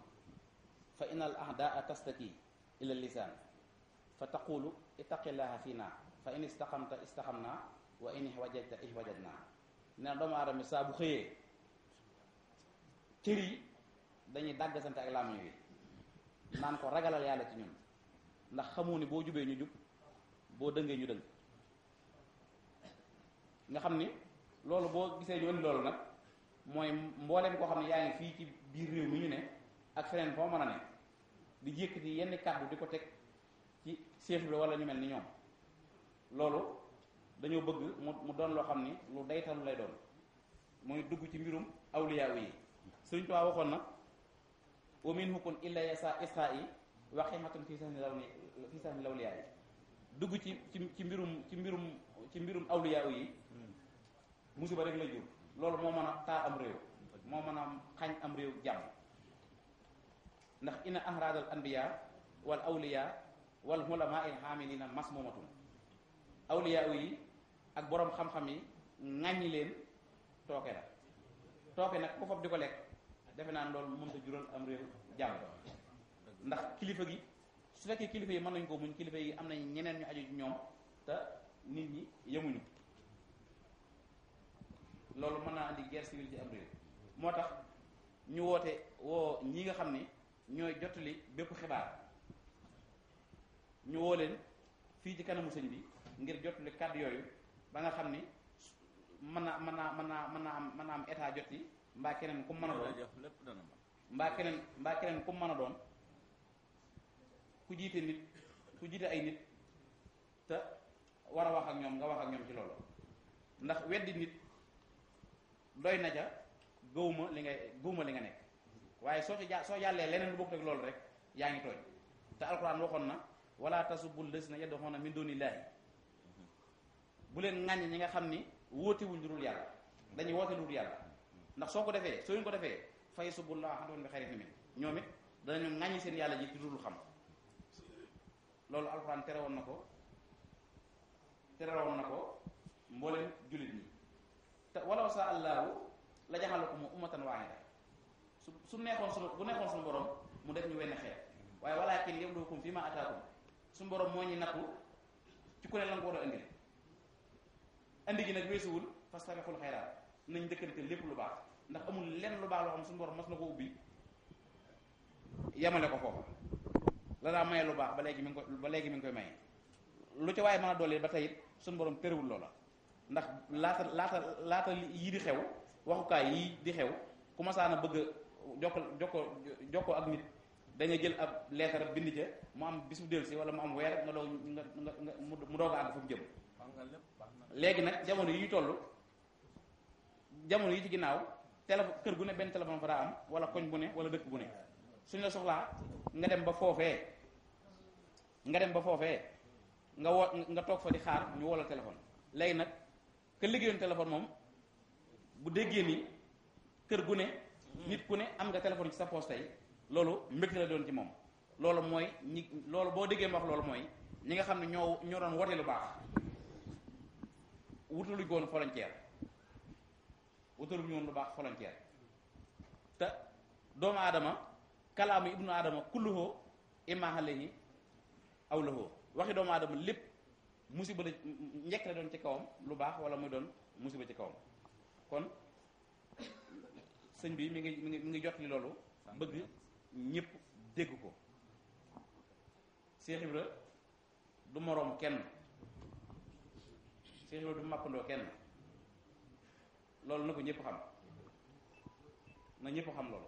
fa inna al ahdaa tastati ila lisan fa taqulu ittaqillaha fina fa in istaqamta istaqamna wa in ihwajajta ihwajajna nee doomu aadama saa bu xëyee cër yi dañuy dàggasante ak làmmiñ wi naan ko ragalal yàlla ci ñun ndax xamoo ni boo jubee ñu jub boo dëngee ñu dëng nga ñu mooy mbooleem koo xam ne yaa ngi fii ci biir réew mi ñu ne ak feneen foo mën a ne di yëkkati yenn kàddu di ko teg ci chef bi wala ñu mel ni ñoom loolu dañoo bëgg mu doon loo xam ni lu daytalu lay doon muy dugg ci mbirum awliyaa yi Sëriñ na wa minhu kun illa yasa isra yi waximatun fi sahni lawni fi dugg ci ci ci mbirum ci mbirum ci mbirum awliyaa yi hmm. musiba rek la jur loolu moo mën a taal am réew moo mën a xañ am réew jàmm ndax ina ahraad al anbiya wal awliya wal ulama il xaamilina masmumatun awliya yi ak borom xam-xam yi ŋàññi leen tooke la tooke nag ku fab di ko lekk defe naa loolu mënta jural am réew jàmm ndax kilifa gi su fekkee kilifa yi mën nañ ko muñ kilifa yi am nañ ñeneen ñu aju ci ñoom te nit ñi yemuñu loolu mën naa andi guerre civile ci am réew moo tax ñu woote woo ñi nga xam ni ñooy jottali bépp xibaar ñu woo leen fii ci kanamu sëñ bi ngir jottali kàddu yooyu ba nga xam ni mën naa mën naa mën naa mën naa am mën naa am état jot yi mbaa keneen ku mën a doon mbaa keneen mbaa keneen ku mën a doon ku jiite nit ku jiite ay nit te war a wax ak ñoom nga wax ak ñoom ci loolu ndax weddi nit doy na ja gëwuma li nga gëwuma li nga nekk waaye soo ci ja soo yàllee leneen lu bokk ak loolu rek yaa ngi tooñ te alquran waxoon na wala tasubul lazina yad'una min dunillahi bu leen ŋàññ ñi nga xam ni wóotewuñ lu dul yàlla dañuy woote lu dul yàlla ndax soo ko defee soo ñu ko defee fay subullah xandoon bi xayrin min ñoom it danañu ŋàññi seen yàlla ji ci dul xam loolu alquran woon na ko terewoon na ko mboolem jullit ñi te walaw sa allahu la jaxalakum ummatan waahida su su neexoon sunu bu neexoon sunu borom mu def ñu wenn xeet waaye walaakin yabluwakum fi ma ataakum sunu borom moo ñu nattu ci ku ne la nga war a indi indi gi nag weesuwul nañ dëkkante lépp lu baax ndax amul lenn lu baax loo xam suñu mas na ko ubbi yemale ko foofu la daa maye lu baax ba léegi mi ngi ko ba léegi mi ngi koy maye lu ca waaye mën a doole ba tey it suñu borom tërëwul loola ndax laata laata laata yi di xew waxukaay yi di xew ku na bëgg joko joko joko ak nit dañuy jël ab lettre bind ci mu am bisu del ci wala mu am wër nga doo nga nga mu doog àgg fu jëm légui nak jamono yi tollu jamono yi ci ginnaaw téléphone kër gu ne ben téléphone fa daa am wala koñ bu ne wala dëkk bu ne suñ la soxla nga dem ba fofé nga dem ba fofé nga nga tok fa di xaar ñu wala téléphone légui nak que liggéeyoon téléphone moom bu déggee ni kër gu ne. nit ku ne am nga téléphone ci sa poche tey loolu mbégte la doon ci moom. loolu mooy ñi loolu boo déggee ma wax loolu mooy ñi nga xam ne ñoo ñoo doon woote lu baax wutaluñ ko woon volontaire wutaluñ woon lu baax volontaire te doomu aadama kalaamu ibnu aadama kulluhoo imaaxale yi aw lahoo waxi doomu aadama lépp musiba ñek la doon ci kawam lu baax wala muy doon musiba ci kawam kon señ bi mi ngi mi ngi jot li lolu bëgg ñepp dégg ko Cheikh Ibra du morom kenn Cheikh Ibra du màppandoo kenn lolu na ñepp xam na ñepp xam lolu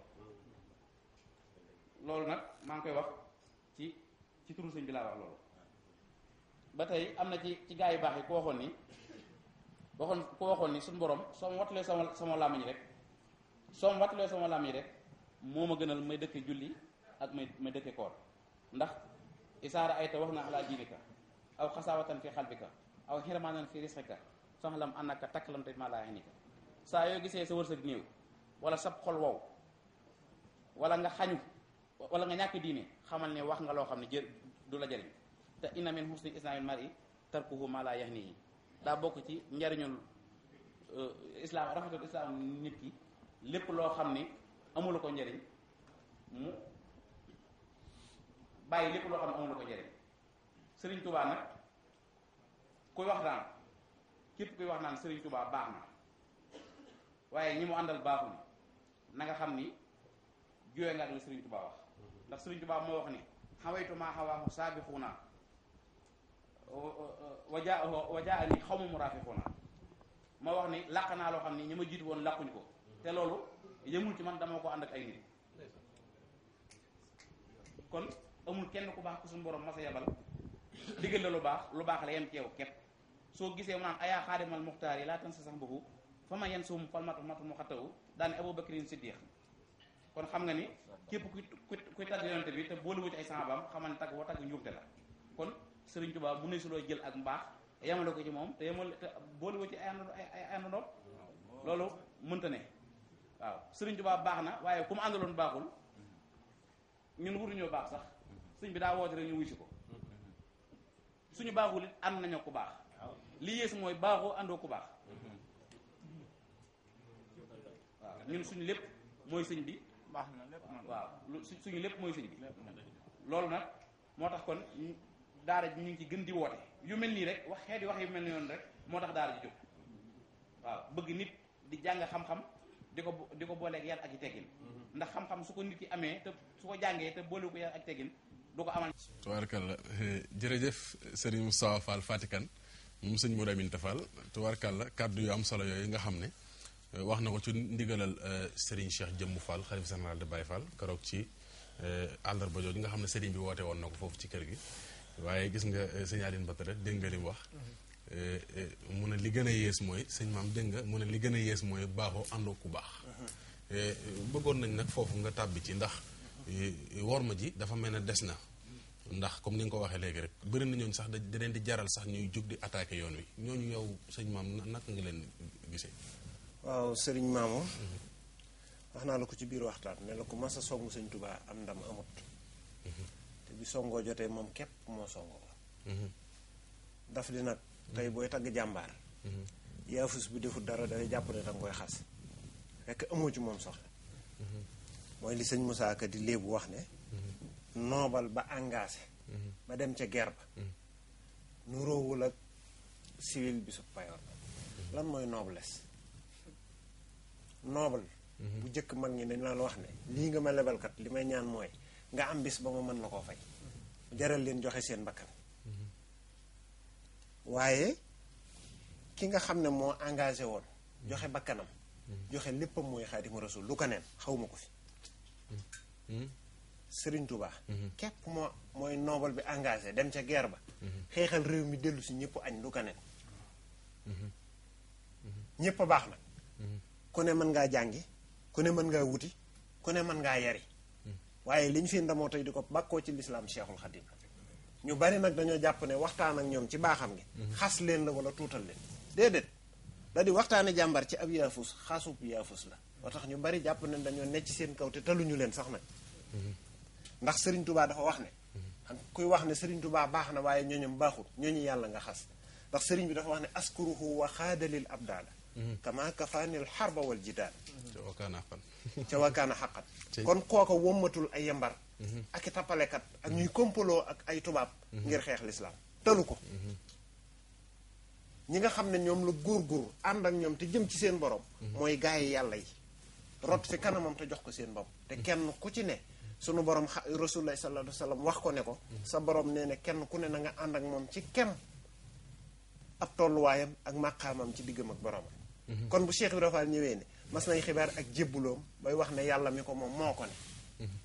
lolu nak ma ngi koy wax ci ci turu señ bi la wax lolu ba tey am na ci ci gaa yu baax yi ku waxoon ni waxoon ku waxoon ni suñu borom soo ma wattalee sama sama làmmiñ rek soo ma wattalee sama làmmiñ rek moo ma gënal may dëkke julli ak may may dëkke koor ndax isaara ayta wax na ala diinika aw xasaawatan fi xalbika aw xirmaanan fi risqika soxlam annaka takkalam te ma laa nika saa yoo gisee sa wërsëg néew wala sab xol wow wala nga xañu wala nga ñàkk diine xamal ne wax nga loo xam ne jër du la jëriñ te inamin min husni islaamil mar'i tarkuhu ma la yahnihi daa bokk ci njariñul euh, islaam rafetul islaam nit ki lépp loo xam ni amulu ko njariñ mu bàyyi lépp loo xam ne amulu ko njariñ sëriñ tubaa nag kuy wax naan képp kuy wax naan sëriñ tubaa baax na waaye ñi mu àndal baaxul na nga xam ni juwee nga ak li sëriñ tubaa wax ndax sëriñ tubaa moo wax ni xawaytu maa xawaaxu saabixuuna waja waja ani xamu murafiquna ma wax ni làq naa loo xam ni ñi ma jiitu ko te lolu yëmul ci man dama ko and ak ay nit kon amul kenn ku baax ku sun borom masa yabal digal la lu baax lu baax la yem ci yow kep so gisee mu naan ayaa xaadimal muxtaar tan sa sax bu fa ma yen fal matu matu mu xatawu daane abou bakri siddiq kon xam nga ni kep ku ku kuy tagg bi te bolu wu ci ay sahabam xamal wa tagg njuumte la kon Sëriñ Tuubaa bu ne suloo jël ak mbaax te yamale ko ci moom te yamal te boole woo ci ay ay àndandoom loolu mënta ne waaw Sëriñ Tuubaa baax na waaye ku mu àndaloon baaxul ñun wutuñoo baax sax sëñ bi daa woote rek ñu wuy si ko suñu baaxul it ànd nañoo ku baax li yées mooy baaxoo àndoo ku baax waaw ñun suñ lépp mooy sëñ bi baax na lépp waaw suñu lépp mooy sëñ bi loolu nag moo tax kon daara ji ñu ngi ci gën di woote yu mel nii rek wax xeeti wax yu mel ni yoon rek moo tax daara ji jóg waaw bëgg nit di jàng xam-xam di ko di ko booleeg yar ak i teggin mm-hmm. ndax xam-xam su ko nit ki amee te su ko jàngee te boole ko yar ak teggin du ko amal
tubaarkàlla eh, jërëjëf sëriñ Moustapha Fall Fatikan moom sëñ Mourou Aminta Fall kàddu yu am solo yooyu nga xam ne eh, wax na ko ci ndigalal eh, sëriñ Cheikh Jëmmu Fall xalif général de Baye Fall keroog ci àllarba jooju nga xam ne sëriñ bi woote woon na ko foofu ci kër gi waaye gis nga euh, sëñ Aline Batara dégg nga li mu wax. Euh, euh, mu ne li gën a yées mooy sëñ maam dégg nga mu ne li gën a yées mooy baaxoo àndoo ku baax. bëggoon nañ nag foofu nga tàbbi ci ndax worma ji dafa mel ne des na. ndax comme ni nga ko waxee léegi rek bëri na ñooñu sax da leen di jaral sax ñuy jóg di attaqué yoon wi ñooñu yow sëñ maam naka nga leen gisee.
waaw sëriñ maamo wax naa la ko ci biir waxtaan ne la ko mas a song sëñ Tuubaa am ndam amut. Mhm. bi songo jote mom kep mo songo mhm. daf tay boy tag jambar hmm ya fus bi defu dara day japp ne tang koy xass rek amu ci moom soxla moy mhm. li seigne Moussa Ka di léebu wax ne
mhm.
nobal ba engagé ba dem ci guerre ba nu ak civil bi su payoor lan moy noblesse noble bu jëkk mag dañ la wax ne li nga ma lebal kat limay ñaan -hmm. nga am bis ba ma mën na koo fay jaral leen joxe seen bakkan waaye ki nga xam ne moo engagé woon joxe bakkanam joxe léppam mooy xaadimu rasul lu ko neen xawma ko fi Sëriñ Tuubaa képp moo mooy noobal bi engagé dem ca guerre ba xeexal réew mi dellu si ñëpp añ lu ko neen ñëpp a baax nag ku ne mën ngaa jàngi ku ne mën ngaa wuti ku ne mën ngaa yari waaye li ñu fi ndamoo tey di ko bàkkoo ci lislaam cheikhul xadim ñu bari nag dañoo jàpp ne waxtaan ak ñoom ci baaxam gi mhm. xas leen la wala tuutal leen déedéet da di waxtaane jàmbar ci ab yaafus xasub yaafus la ba tax ñu bari jàpp ne dañoo necc seen kaw te taluñu leen sax nag mhm. ndax Serigne Touba dafa wax ne mhm. kuy wax ne Serigne Touba baax na waaye ñooñam baaxul ñooñu yàlla nga xas ndax Serigne bi dafa wax ne askuruhu wa xaadalil abdaala Mhm. kama kafanil harba wal jidal
ca
wa kana haqqan kon koko womatul ay yambar mhm. ak tapalé kat ak ñuy kompolo ak ay tubab mhm. ngir xex l'islam taluko ñi nga xamne ñom lu gur gur and ak ñom te jëm ci seen borom moy gaay yalla yi rot fi kanamam te jox ko seen bop te kenn ku ci ne sunu borom rasulullah sallallahu alaihi wasallam wax ko ne ko sa borom neene kenn ku ne na nga and ak mom ci kem ab tolluwayam ak maqamam ci ak Mhm. kon bu seex Ibrahima Fall ñëwee ne mas nañ xibaar ak jébbuloom mooy wax na yàlla mi ko moom moo ko ne mhm.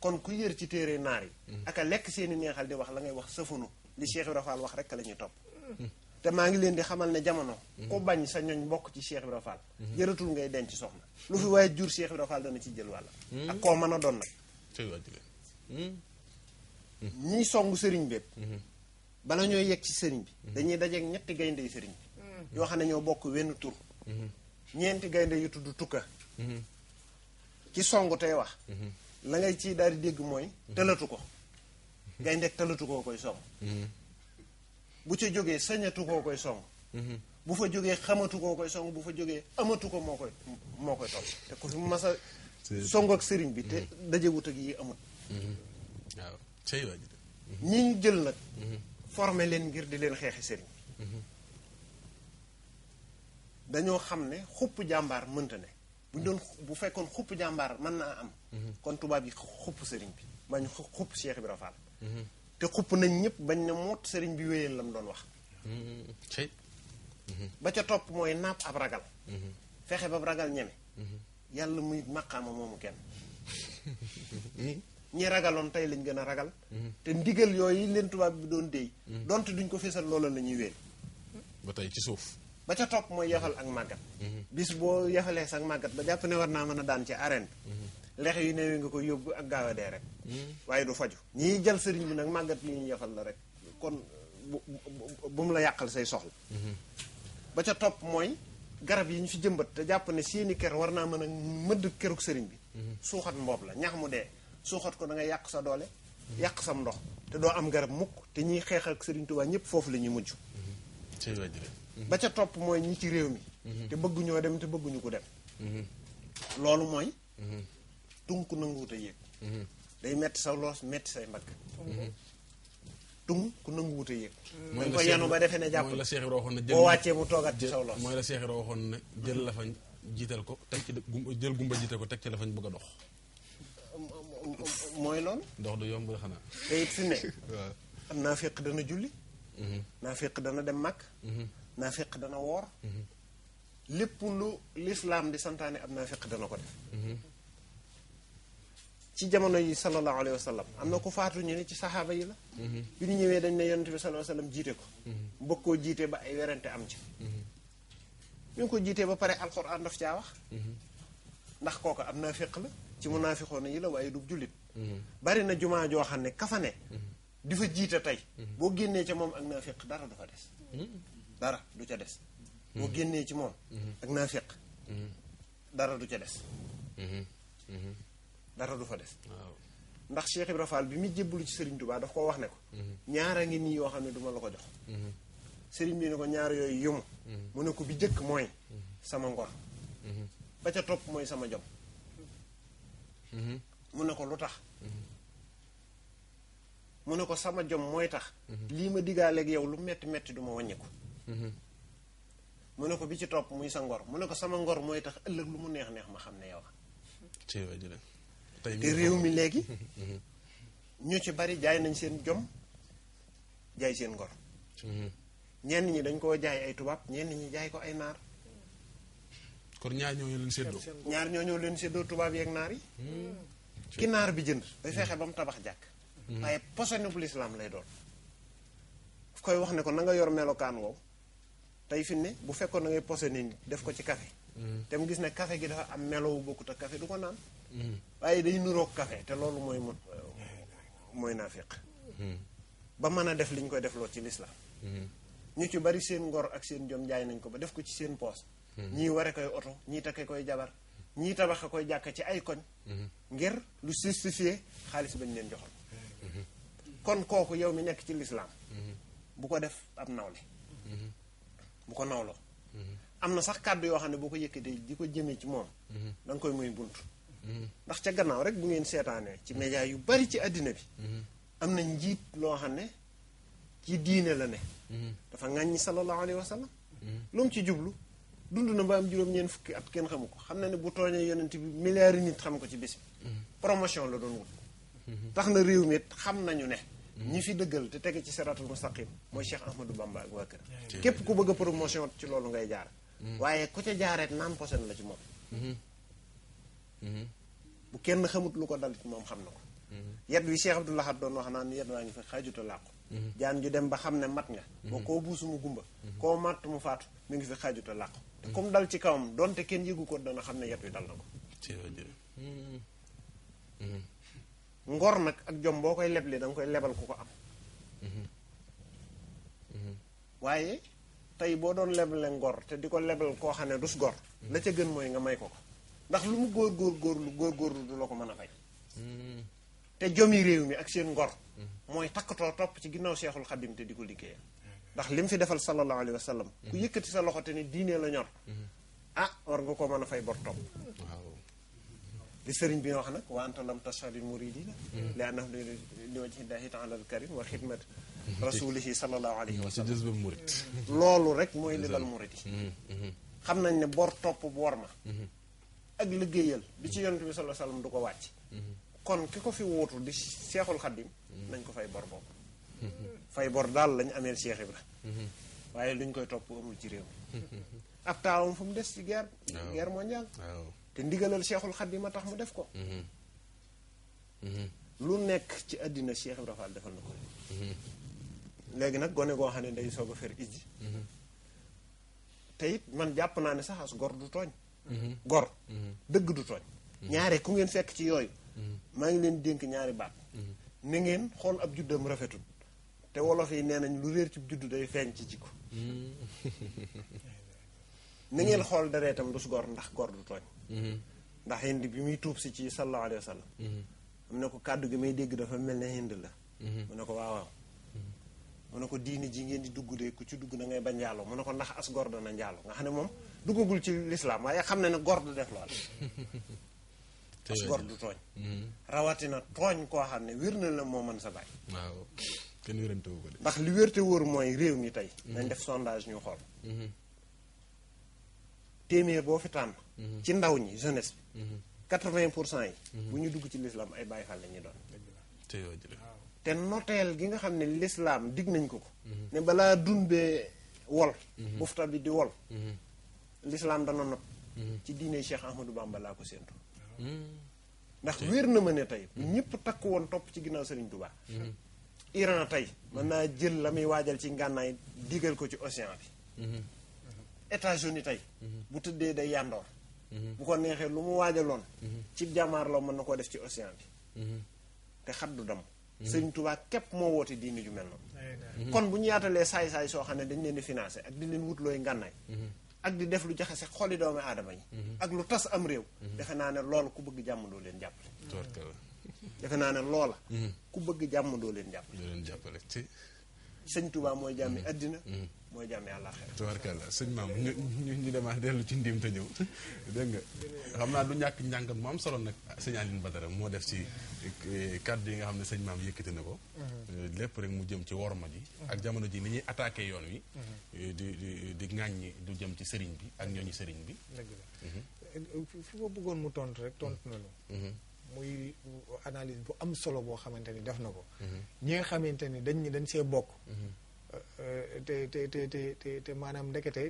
kon ku yër ci téere naar yi mhm. ak lekk seeni neexal di wax la ngay wax sëfunu li Cheikh Ibrahima wax rek la ñuy topp te maa ngi leen di xamal ne jamono ku bañ sa ñoñ bokk ci Cheikh Ibrahima Fall jëratul ngay denc soxna lu fi waaye jur Cheikh Ibrahima Fall dana ci jël wàlla ak koo mën a doon
nag
ñiy song sëriñ bépp bala ñoo yegg ci sëriñ bi dañuy dajeeg ñetti gayndey sëriñ bi bokk wenn tur ñeenti gaynde yu tudd tukka mhm. ci songu tey wax mhm. la ngay ciy daal di dégg mooy mhm. tëlatu ko gaynde tëlatu koo koy song bu ca jógee sañatu koo koy song bu fa jógee xamatu koo koy song bu fa jógee amatu ko moo koy moo koy topp te ku fi masa song ak sëriñ bi te dajewut ak yi amut waaw jël nag formé leen ngir di leen xeexi sëriñ bi dañoo xam ne xupp jàmbaar mënta ne bu ñu doon bu fekkoon xupp jàmbaar mën naa am mhm. kon tubaab yi xupp sëriñ bi bañ xupp Cheikh Ibra Fall mhm. te xupp nañ ñëpp bañ na moot sëriñ bi wéyal la mu doon wax
mhm. ba
ca topp mooy naab ab ragal fexe ba ragal ñeme yàlla muy maqaama moomu kenn ñi ragaloon tey lañ gën a ragal te ndigal yooyu leen tubaab bi doon déy dont duñ ko fésal loola la ñuy
ba tey ci suuf
ba ca topp mooy yaxal ak màggat mhm. bis boo yaxalee sa màggat ba jàpp ne war naa mën a daan ci arène mhm. lex yu newi nga ko yóbbu ak gaaw a rek mhm. waaye du faju ñii jël sëriñ bi nag màggat li ñu la rek kon bu mu la yàqal say soxla ba ca topp mooy garab yi ñu fi jëmbat te jàpp ne seeni ker war naa mën a mëdd keruk sëriñ bi suuxat mboob la ñax mu dee suuxat ko da nga yàq sa doole yàq sa ndox te doo am garab mukk te ñiy xeex ak sëriñ Tuubaa ñëpp foofu la mujj ba ca topp mooy ñi ci réew mi mhm. te bëgguñoo dem te bëgguñu ko dem mhm. loolu mooy mhm. tunk nanguwut a yéeg day metti sa loos metti say mbagg tung ku nanguwut a yéeg dañ ko yenu ba defee ne jàpp la Seex Ibra waxoon na wàccee mu
toogaat ci saw mooy la Seex Ibra waxoon na jël la fañ jiital ko teg ci jël gumba jiital ko teg ci la fañ bëgg a dox mooy lool dox du yomb xanaa
te it fi ne am naa féq dana julli naa féq dana dem mag naafiq dana woor mhm. lépp lu lislaam di santaane ab naafiq dana ko def mhm. ci jamono yi sallallahu alayhi wa sallam am na ku faatu ñu ne ci saxaaba yi la mhm. bi ñu ñëwee dañ ne yonent bi sallallahu alayhi wa sallam jiite ko bëgg koo jiite ba ay werante am ci
ñu
ngi ko jiitee ba pare alxuraan daf caa wax ndax kooku am naafiq la ci munaafiqoona yi la waaye du jullit bari na jumaa joo xam ne kafa di fa jiite tey boo génnee ca moom ak naafiq dara dafa des dara du ca des mhm. boo génnee ci moom mhm. ak naafiq mhm. dara du ca des dara du fa des ndax Cheikh Ibra Fall bi mu jébbalu ci Serigne Touba daf ko wax ne ko ñaara ngi nii yoo xam ne duma la ko jox Serigne bi ne ko ñaar yooyu yumu
mu ne ko bi jëkk mooy
sama ngor ba ca topp mooy sama jom mu ne ko lu tax mu ne ko sama jom mooy tax lii ma diggaaleeg yow lu metti metti du ma wàññiku Mm-hmm. mu ne ko bi ci topp muy sa ngor mu ne ko sama ngor mooy tax ëllëg lu mu neex neex ma xam ne yow
te réew mi léegi mm-hmm.
ñu ci bari jaay nañ seen jom jaay seen ngor mm-hmm. ñenn ñi dañ koo jaay ay tubaab ñenn ñi jaay ko ay naar
kon ñaar ñoo ñoo leen séddoo
ñaar ñoo ñoo leen séddoo tubaab yeeg naar yi ki naar bi jënd day fexe ba mu tabax jàkk waaye posone bu lislaam lay doon daf koy wax ne ko na nga yor melokaan woow tey fi ne bu fekkoon na ngay posé nit def ko ci café mm. te mu gis ne kafe gi dafa am melowu bokkut ak kafe du ko naan mm. waaye day nuroog café te loolu mooy mot naa naafiq mm. ba mën a def liñ ñu koy defloo ci lislaam ñu ci bari seen ngor ak seen jom jaay nañ ko ba def ko ci seen poos ñii ware koy oto ñii takkee koy jabar ñii tabax koy jàkk ci ay koñ mm-hmm. ngir lu justifié xaalis bañ leen joxoon mm-hmm. kon kooku yow mi nekk ci lislaam mm-hmm. bu ko def ab nawle bu ko nawloo am na sax kàddu yoo xam ne boo ko yëkkatee di ko jëmee ci moom da koy muy bunt ndax ca gannaaw rek bu ngeen seetaanee ci média yu bari ci àddina bi am na njiit loo xam ne ci diine la ne dafa ŋàññi sallallahu alayhi wa sallam lu ci jublu dund na ba am juróom ñeen fukki at kenn xamu ko xam na ne bu tooñee yonent bi milliards nit xam ko ci bis bi promotion la doon wut tax na réew mi xam nañu ne ñi fi dëggal te tege ci siratul mustaqim mooy Cheikh Ahmadou Bamba ak waa kër képp ku bëgg a promotion ci loolu ngay jaar hmm. waaye ku ca jaareet naam posen la ci moom
hmm. Hmm.
bu kenn xamut lu ko dal ci moom xam na ko yet wi Cheikh Abdou Lahad doon wax naan yet waa ngi fa xaajuta làqu jaan ju dem ba xam ne mat nga boo koo buusu mu gumba koo matt mu faatu mu ngi fi xaajuta làqu te comme dal ci kawam donte kenn yëgu ko dana xam ne yet wi dal na ko ngor nag ak jom boo koy leblee danga koy lebal ku ko am
mhm. Mhm.
waaye tey boo doon leble ngor te di ko lebal koo xam ne dus gor la ca gën mooy nga may ko ko ndax lu mu góor góor góorlu góor góor du la ko mën a fay mhm. te jomi réew mi ak seen ngor mooy takkatoo topp ci ginnaaw seexul xadim te di ko liggéeyal ndax li mu fi defal sallallahu alayhi wa sallam ku yëkkati sa loxo te ni diine la ñor ah war nga ko mën a fay bor topp li sëriñ bi wax nag wa anta lam tasali muridina li annahu li wajhi llahi taala al karim wa xidmat rasulihi salallahu
alayhi wa sallam
loolu rek mooy li dal murid
yi mm-hmm. Mm-hmm.
xam nañ ne bor topp bor ma mm-hmm. ak liggéeyal bi ci yonent bi sallallahu alayhi du ko wàcc kon ki ko fi wóotu di seexul xaddim nañ ko fay bor boobu fay bor daal lañ ameel Cheikh Ibra waaye luñ koy topp amul ci réew ab taawam fu mu des ci guerre guerre mondiale te seexul xat bi a tax mu def ko.
Mhm. Mhm.
lu nekk ci àddina Cheikh Ibra defal na ko. Mhm. léegi nag gone goo xam ne day soog a fer ijji. te it man jàpp naa ne saxas gor du tooñ. gor dëgg du tooñ. ñaare ku ngeen fekk ci yooyu. maa ngi leen dénk ñaari baat. ni ngeen xool ab juddam rafetul. te wolof yi nee nañ lu réer ci juddu day feeñ ci jikko. ni ngeen xool dereetam dus gor ndax gor du tooñ.
ndax
hind bi muy tuub si ci sallallahu alayhi wa sallam
am mm-hmm.
na ko kàddu gi may dégg dafa mel ne hind la mm-hmm. mu ne ko waawaaw mm-hmm. mu ne ko diini ji ngeen di dugg de ku ci dugg na ngay ba njaaloo mu ne ko ndax as gor dana njaaloo nga xam ne moom duggagul ci lislaam waaye xam ne ne gor du def lool
as gor
tooñ rawatina tooñ koo xam ne wér na la moo mën sa baay
waaw
kenn wérantewu ko de ndax
li wérte wóor mooy réew mi tey nañ def sondage ñu xool téeméer boo fi tànn mhm. ci ndaw ñi jeunesse bi mhm. quatre vingt pour cent yi mhm. bu ñu dugg ci l'islam ay bàyyi xal la ñuy doon te noteel gi nga xam ne l'islam dig nañ ko ko ne balaa dundee wol bufta bi di wol l'islam dana not ci diine cheikh ahmadou bamba laa ko séentu ndax wér na ma ne tey ñëpp takk woon topp ci ginnaaw sëriñ Touba. iran tey mën naa jël la muy waajal ci ngànnaay digal ko ci océan bi états uni tey mhm. bu tëddee day yandoor mhm. bu ko neexee lu mu waajaloon mhm. ci jàmmaar la mën na koo def ci océan bi te xat du dam sëriñ Tuubaa képp moo woote diini ju mel
noonu kon
bu ñu yaatalee saay-saay soo xam ne dañ leen di financé ak di leen wut looy ngànnaay ak di def lu jaxase xoli doomi aadama yi ak lu tas am réew defe naa ne loolu ku bëgg jàmm leen jàppale defe naa ne loola ku bëgg jàmm doo leen jàppale sëñ Tuubaa mooy jàmmi àddina mooy jàmmee àllaaxira.
tubaarkalla sëñ maam ñu ñu ñu dellu ci ndim te ñëw dégg xam naa du ñàkk njàngat mu am solo nag sëñ Alioune Badara moo def ci kàddu yi nga xam ne sëñ maam yëkkati na ko. Mhm. lépp rek mu jëm ci worma ji. ak jamono ji ni ñuy attaqué yoon wi. Mhm. di di ñi du jëm ci sëriñ bi ak ñooñu sëriñ bi. dëgg la
mhm. fi ma bëggoon mu tontu rek tontu na lu muy analyse bu am solo boo xamante ni def na ko. ñi nga xamante ni dañ ni dañ see bokk. te te te te te maanaam ndekete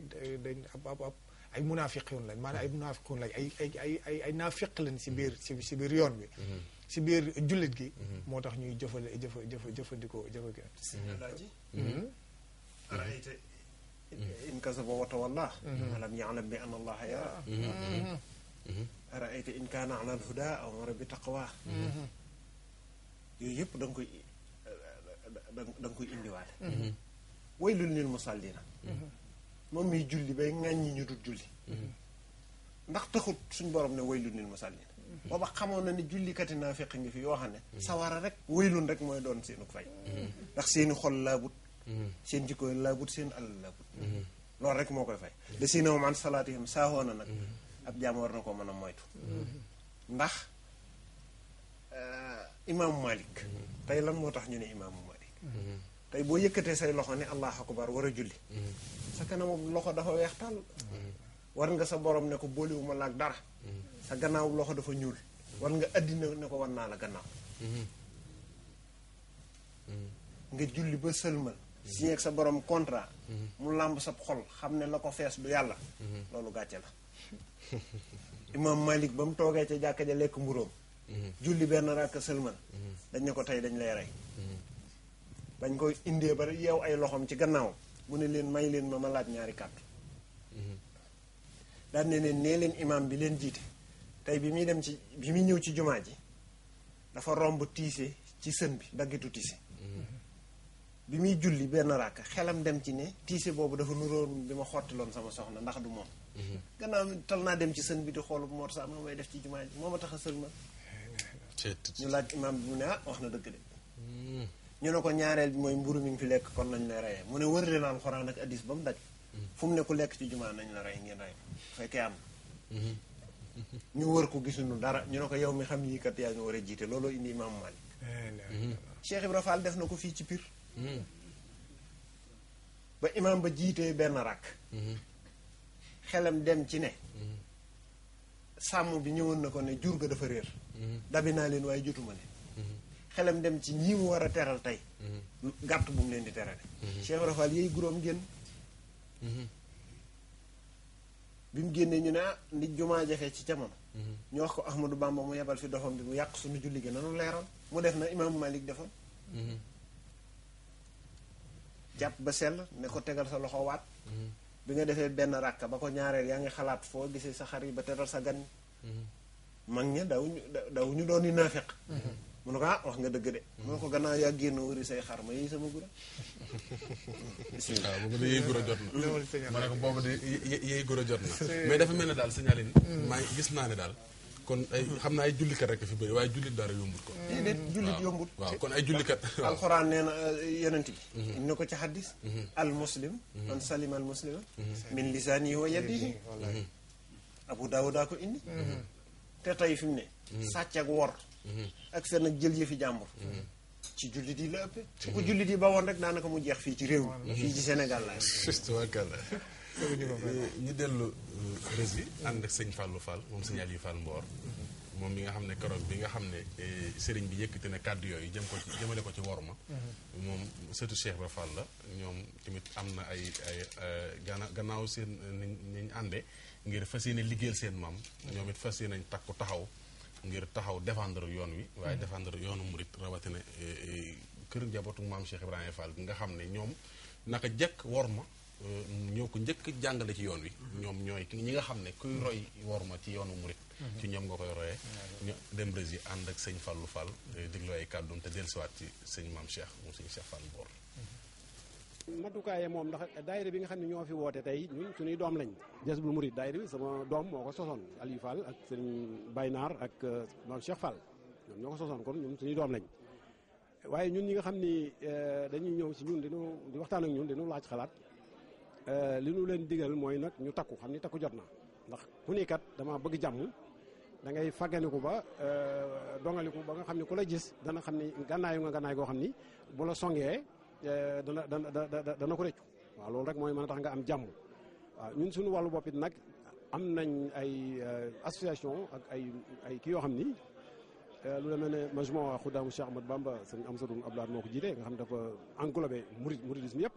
dañ ab ab ab ay munaafiqoon lañ maanaam ay munaafiqoon lañ ay ay ay ay ay naafiq lañ si biir si si biir yoon bi si biir jullit gi moo tax ñuy jëfal jëfa jëfa jëfandikoo jëfa
ki laaji
araayta in kasaba wa tawalla alam ya'lam bi anna allaha yara araayta in kaana ala alhuda aw mara bi taqwa yooyu yëpp da nga koy da nga koy indiwaale waylun lil musallina moom miy julli bay ŋàññi ñu dul julli ndax taxut suñ borom ne waylun lil musallina booba xamoon na ne jullikati naa fekk ngi fi yoo xam ne sawara rek waylun rek mooy doon seenu fay ndax seeni xol laabut seen jikko laabut seen alal laabut loolu rek moo koy fay da si nawum an salaatihim saahoo na nag ab jaam war na ko mën a moytu ndax imaamu malik tey lan moo tax ñu ne imaamu malik tay boo yëkkatee say loxo ne allah akbar war a julli
mm-hmm.
sa kanam loxo dafa weex tal mm-hmm. war nga sa borom ne ko booliwuma laag dara
mm-hmm.
sa gannaaw loxo dafa ñuul war nga addina ne ko war naa la gannaaw nga julli ba sëlmal signé ak sa borom contrat mu làmb sa xol xam ne la du yàlla loolu gàcce la imam malik ba mu toogee ca jàkka ja lekk mburóom julli benn ràkk sëlmal dañ ne ko tey dañ lay rey bañ koy indee ba yeew ay loxoom ci gannaaw mu ne leen may leen ma ma laaj ñaari kàddu mhm. daan ne leen nee leen imaam bi leen jiite tey bi muy dem ci bi muy ñëw ci jumaa ji dafa romb tiise ci sën bi daggitu tiise mhm. bi muy julli benn ràkk xelam dem ci ne tiise boobu dafa nuroon bi ma xotti loon sama soxna ndax du moom mhm. gannaaw tal naa dem ci sën bi di xoolu Mor Sam lu def ci jumaa ji moo ma tax a sël ma ñu laaj imaam bi mu ne ah wax na dëgg de ñu ne ko ñaareel bi mooy mburu mi ngi fi lekk kon nañ la reyee mu ne wër leen alxuraan ak addis ba mu daj mm-hmm. fu mu ne ku lekk ci jumaa nañ la rey ngeen rey fekkee am
mm-hmm.
ñu wër ko gisuñu dara ñu ne ko yow mi xam yii kat yaa ñu war a jiite looloo indi imaam Malik eh, mm-hmm. Cheikh Ibra Fall def na ko fii ci Pire ba imaam ba jiitee benn rakk xelam dem ci ne sàmm bi ñëwoon na ko ne jur ga dafa réer dabi naa leen waaye jotuma ne xelam dem ci ñi mu wara a teral tey mhm. gàtt bu mu leen di terale mhm. cheikh rafal yey gurom génn mhm. bi mu génnee ñu na ah, ni juma jumaa jafe ci jamono ñu wax ko ahmadou bamba mu yabal fi doxom bi mu yaq suñu julli gi nanu mu def na imam malik defal japp ba sel ne ko tegal sa loxo waat bi nga defee ben rakka bako ko ya nga xalaat foo sa xari ba teral sa gan mag daw ñu ñu doon mu ne ko ah wax nga dëgg de. mu ne ko gannaaw yaa génn wëri say xar ma yëy
sama gura. bisimilah waaw de yëy gura jot na. ma mais dafa mel ne daal signalé mm. maa gis naa ne
daal. kon ay xam naa ay jullikat rek fi bëri waaye jullit dara yombut ko déedéet jullit yombut waaw kon ay jullikat alxuraan nee na
euh, yonent bi mm-hmm. ne ko ci xaddis mm-hmm. al muslim mm-hmm. man salima al muslima
min lisaanihi
wa yadihi abu daa ko indi te tey fi mu ne sàcc ak wor Mm-hmm. ak seen nag jël yëfi jàmbur. Mm-hmm. ci jullit yi la ëppee. su ko jullit yi ba woon rek daanaka mu jeex fii ci réew mi. Mm-hmm. fii ci Sénégal la
ñu dellu euh, rés yi ànd ak sëñ Fallou Fall moom sëñ Aliou Fall moom mi nga xam ne keroog bi nga xam ne euh, sëriñ bi yëkkati na kàddu yooyu jëm ko jëmale ko ci worma moom sëtu Cheikh Ba Fall la ñoom tamit am na ay ay euh, gannaaw seen niñ ànde ngir fas yéene liggéeyal seen maam ñoom it fas yéene nañ takku taxaw ngir taxaw défendre yoon wi waaye hmm. défendre yoonu murit rawatina eh, eh, kër njabootu maam Cheikh Ibrahima bi nga xam ne ñoom naka jekk wor ma eh, ñoo ko njëkk jàngale ci yoon wi hmm. ñoom ñooy ñi nga xam ne kuy roy wor ma ci yoonu murit hmm. ci ñoom nga koy royee ñu dem yi ànd ak sëñ Fallou Fall déglu ay kàddoom te dellusiwaat ci sëñ maam Cheikh mu sëñ Cheikh Fall
Mboor
matukaayee moom ndax daayira bi nga xam ne ñoo fi woote tey ñun suñuy doom lañ Jazbul Murid daayira bi sama doom moo ko sosoon Aliou Fall ak sëñ Baynaar ak euh, maam Cheikh Fall ñoom ñoo ko sosoon kon ñun suñuy doom lañ waaye ñun ñi nga xam ni euh, dañuy ñëw si ñun dinu di waxtaan ak ñun dinu laaj xalaat euh, li ñu leen digal mooy nag ñu takku xam ni takku jot na ndax ku ni kat damaa bëgg jàmm da ngay fàgganiku ba dongaliku ba nga xam ni ku la gis dana xam ni gànnaayu nga gànnaay goo xam ni bu la songee Eh, dana dana dana ko réccu waaw loolu rek mooy mën a tax nga am jàmm waaw ah, ñun suñu wàllu boppit nag am nañ ay eh, association ak ay ay kii yoo xam ni eh, lu mel ne wax majmua Xudaamu Cheikh Ahmad Bamba sëñ Amsadou Abdoulaye moo ko jiite nga xam dafa englobé murid mouridisme yëpp.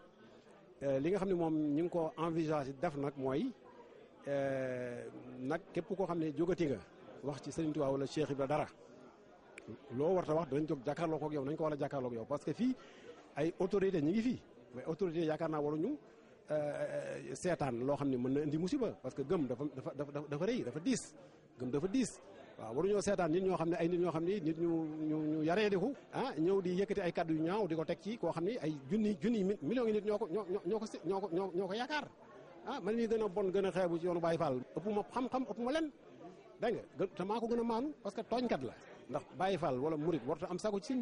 li nga xam ne moom ñu ngi ko envisage def nag mooy nag képp koo xam ne jógati nga wax ci Sëriñ Tuubaa wala Cheikh Ibra dara loo warta wax danañ jóg jàkkaarloo koog yow nañ ko war a jàkkaarloo yow parce que fii ay autorité ñi ngi fii mais autorité yaakaar naa waruñu euh, euh, seetaan loo xam ne mën na indi musiba parce que gëm dafa dafa dafa rëy dafa diis gëm dafa diis waaw waruñoo seetaan nit ñoo xam ne ay nit ñoo xam ne nit ñu ñu ñu yaree diku ah ñëw di yëkkati ay kàddu yu ñaaw di ko teg ci koo xam ne ay junni junni millions yi nit ñoo ko ñoo ñoo ko ñoo ko ko yaakaar ah, man mii gën a bon gën a xeebu ci yoonu Baye Fall ëpp ma xam-xam ëpp ma len dégg te maa ko gën a maanu parce que tooñkat la ndax Baye Fall wala murit am sago ci sëñ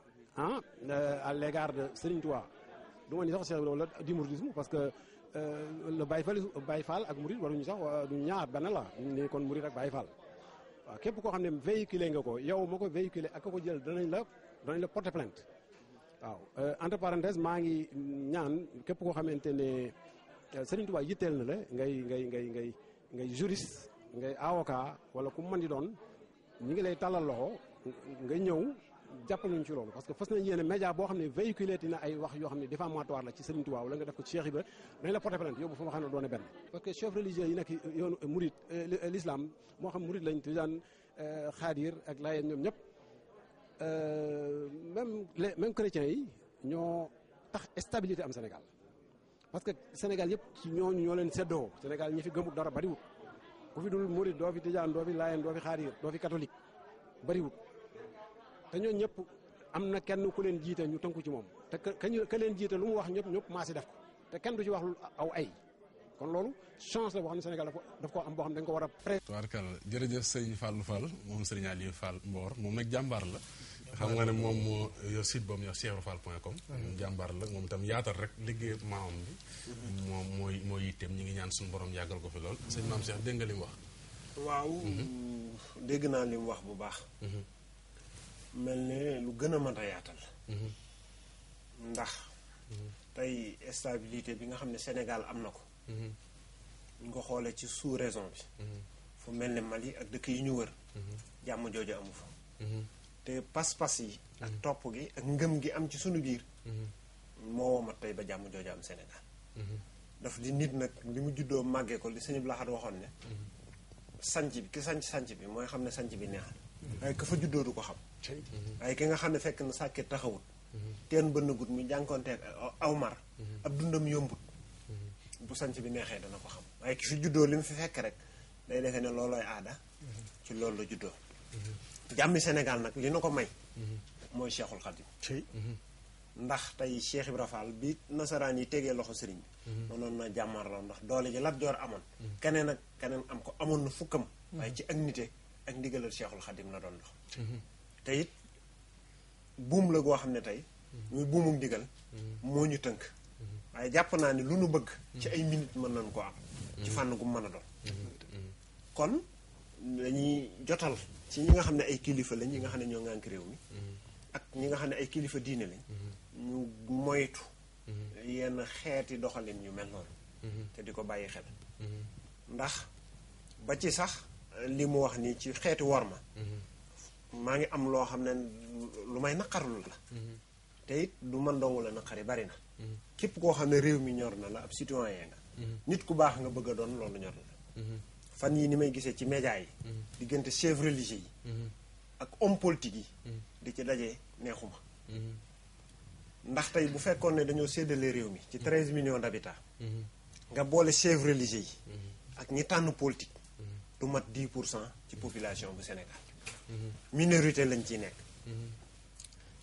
ah euh, à l'égard de Serigne Touba du ma ni sax Cheikh Ibrahima la di mouridisme parce que euh, le Baye Fall Baye Fall ak Mouride waruñu sax euh, du ñaar benn la ni kon Mouride ak Baye Fall waaw képp koo xam ne véhiculé nga ko yow ma ko véhiculé ak ko jël danañ la danañ la porter plainte waaw entre maa ngi ñaan képp koo xamante ne Serigne Touba yitteel na la ngay ngay ngay ngay ngay juriste ngay avocat wala ku mën di doon ñu ngi lay tàllal loxo nga ñëw. jàpp nañu ci loolu parce que fas nañ yéene média boo xam ne véhiculé tina ay wax yoo xam ne diffamatoire la ci Serigne Touba wala nga def ko ci Cheikh Ibra dañ la xam ne doone benn parce que chef religieux yi nekk yoonu murid euh, l'islam moo xam murid lañ tijaan euh, xaadir ak laayeen ñoom ñëpp euh, même les même yi ñoo tax stabilité am Sénégal parce que Sénégal yëpp ci ñooñu ñoo leen seddoo Sénégal ñi fi gëmut dara bariwut ku fi dul murid doo fi tijaan doo fi laayeen doo fi xaadir doo fi catholique bariwut te ñoo ñëpp am na kenn ku leen jiite ñu tënku ci moom te ka leen jiite lu mu wax ñëpp ñëpp maasi def ko te kenn du ci wax lu aw ay kon loolu chance la boo xam ne Sénégal
daf ko am boo xam ne dañ ko war a pré. tubaarkal jërëjëf sëriñ Fallou Fall moom sëriñ Aliou Fall Mbor moom nag jàmbaar la. xam nga ne moom moo yor site boobu point com. jàmbaar la moom itam yaatal rek liggéey maamam bi. moom mooy mooy yitteem ñi ngi ñaan suñu borom yàggal ko fi lool. sëñ maam Cheikh dégg nga li mu wax.
waaw. Mhm. dégg naa li mu wax bu baax. Mhm. mel ne lu gën a mën yaatal mhm. ndax mhm. tey stabilité bi nga xam ne Sénégal am na ko mhm. ñu ko xoolee ci sous raison bi fu mel ne Mali ak dëkk yi ñu wër jàmm jooju amu fa te pas-pas yi ak topp gi ak ngëm gi am ci sunu biir moo womat tey ba jàmm jooju am Sénégal daf di nit nag li mu juddoo màggee ko li sëñ bi laxat waxoon ne sanc bi ki sanc sanc bi mooy xam ne sanc bi neex waaye ka fa juddoo du ko xam waaye mhm. ki nga xam ne fekk na sàkket taxawut mhm. teen bënnagut mu jànkoonteeg aw mar mhm. ab dundam yombut bu sanc bi neexee dana ko xam waaye ki fi juddoo li mu fi fekk rek day defee ne loolooy aada ci loolu la juddoo jàmmi Sénégal nag li na ko may mooy Cheikhul Khadim ndax tey Cheikh Ibra bi nasaraan yi tegee loxo sëriñ bi mënoon na jàmmarloo ndax doole ji Lat Joor amoon keneen ak keneen am ko amoon na fukkam waaye ci ak ak ndigalal Cheikhul Khadim na doon dox mhm. te buum la goo xam ne tey ñu mhm. buumuk ndigal mhm. moo ñu tënk waaye jàpp naa ne lu nu bëgg ci ay minutes mën nañ ko am ci fànn gu mën a doon kon dañuy jotal ci ñi nga xam ne ay kilifa lañ ñi nga xam ne ñoo ngànk réew mi ak ñi nga xam ne ay kilifa diine lañ ñu moytu yenn xeeti doxalin yu mel noonu te di ko bàyyi xel ndax ba ci sax li mu wax nii ci xeeti ma mm-hmm. maa ngi am loo xam ne lu may naqarlu la mm-hmm. te it du man dong la naqari bari na mm-hmm. képp koo xam ne réew mi ñor na la ab citoyen nga nit ku baax nga bëgg a doon loolu ñor na fan yi ni may gisee ci média yi diggante chef religieux yi ak homme politique yi di ci dajee neexuma ndax tey bu fekkoon ne dañoo séddale réew mi ci treize millions d'habitants nga boole chef religieux yi ak ñi tànn politique du mat 10 pour cent ci population bu Sénégal minorité lañ ciy nekk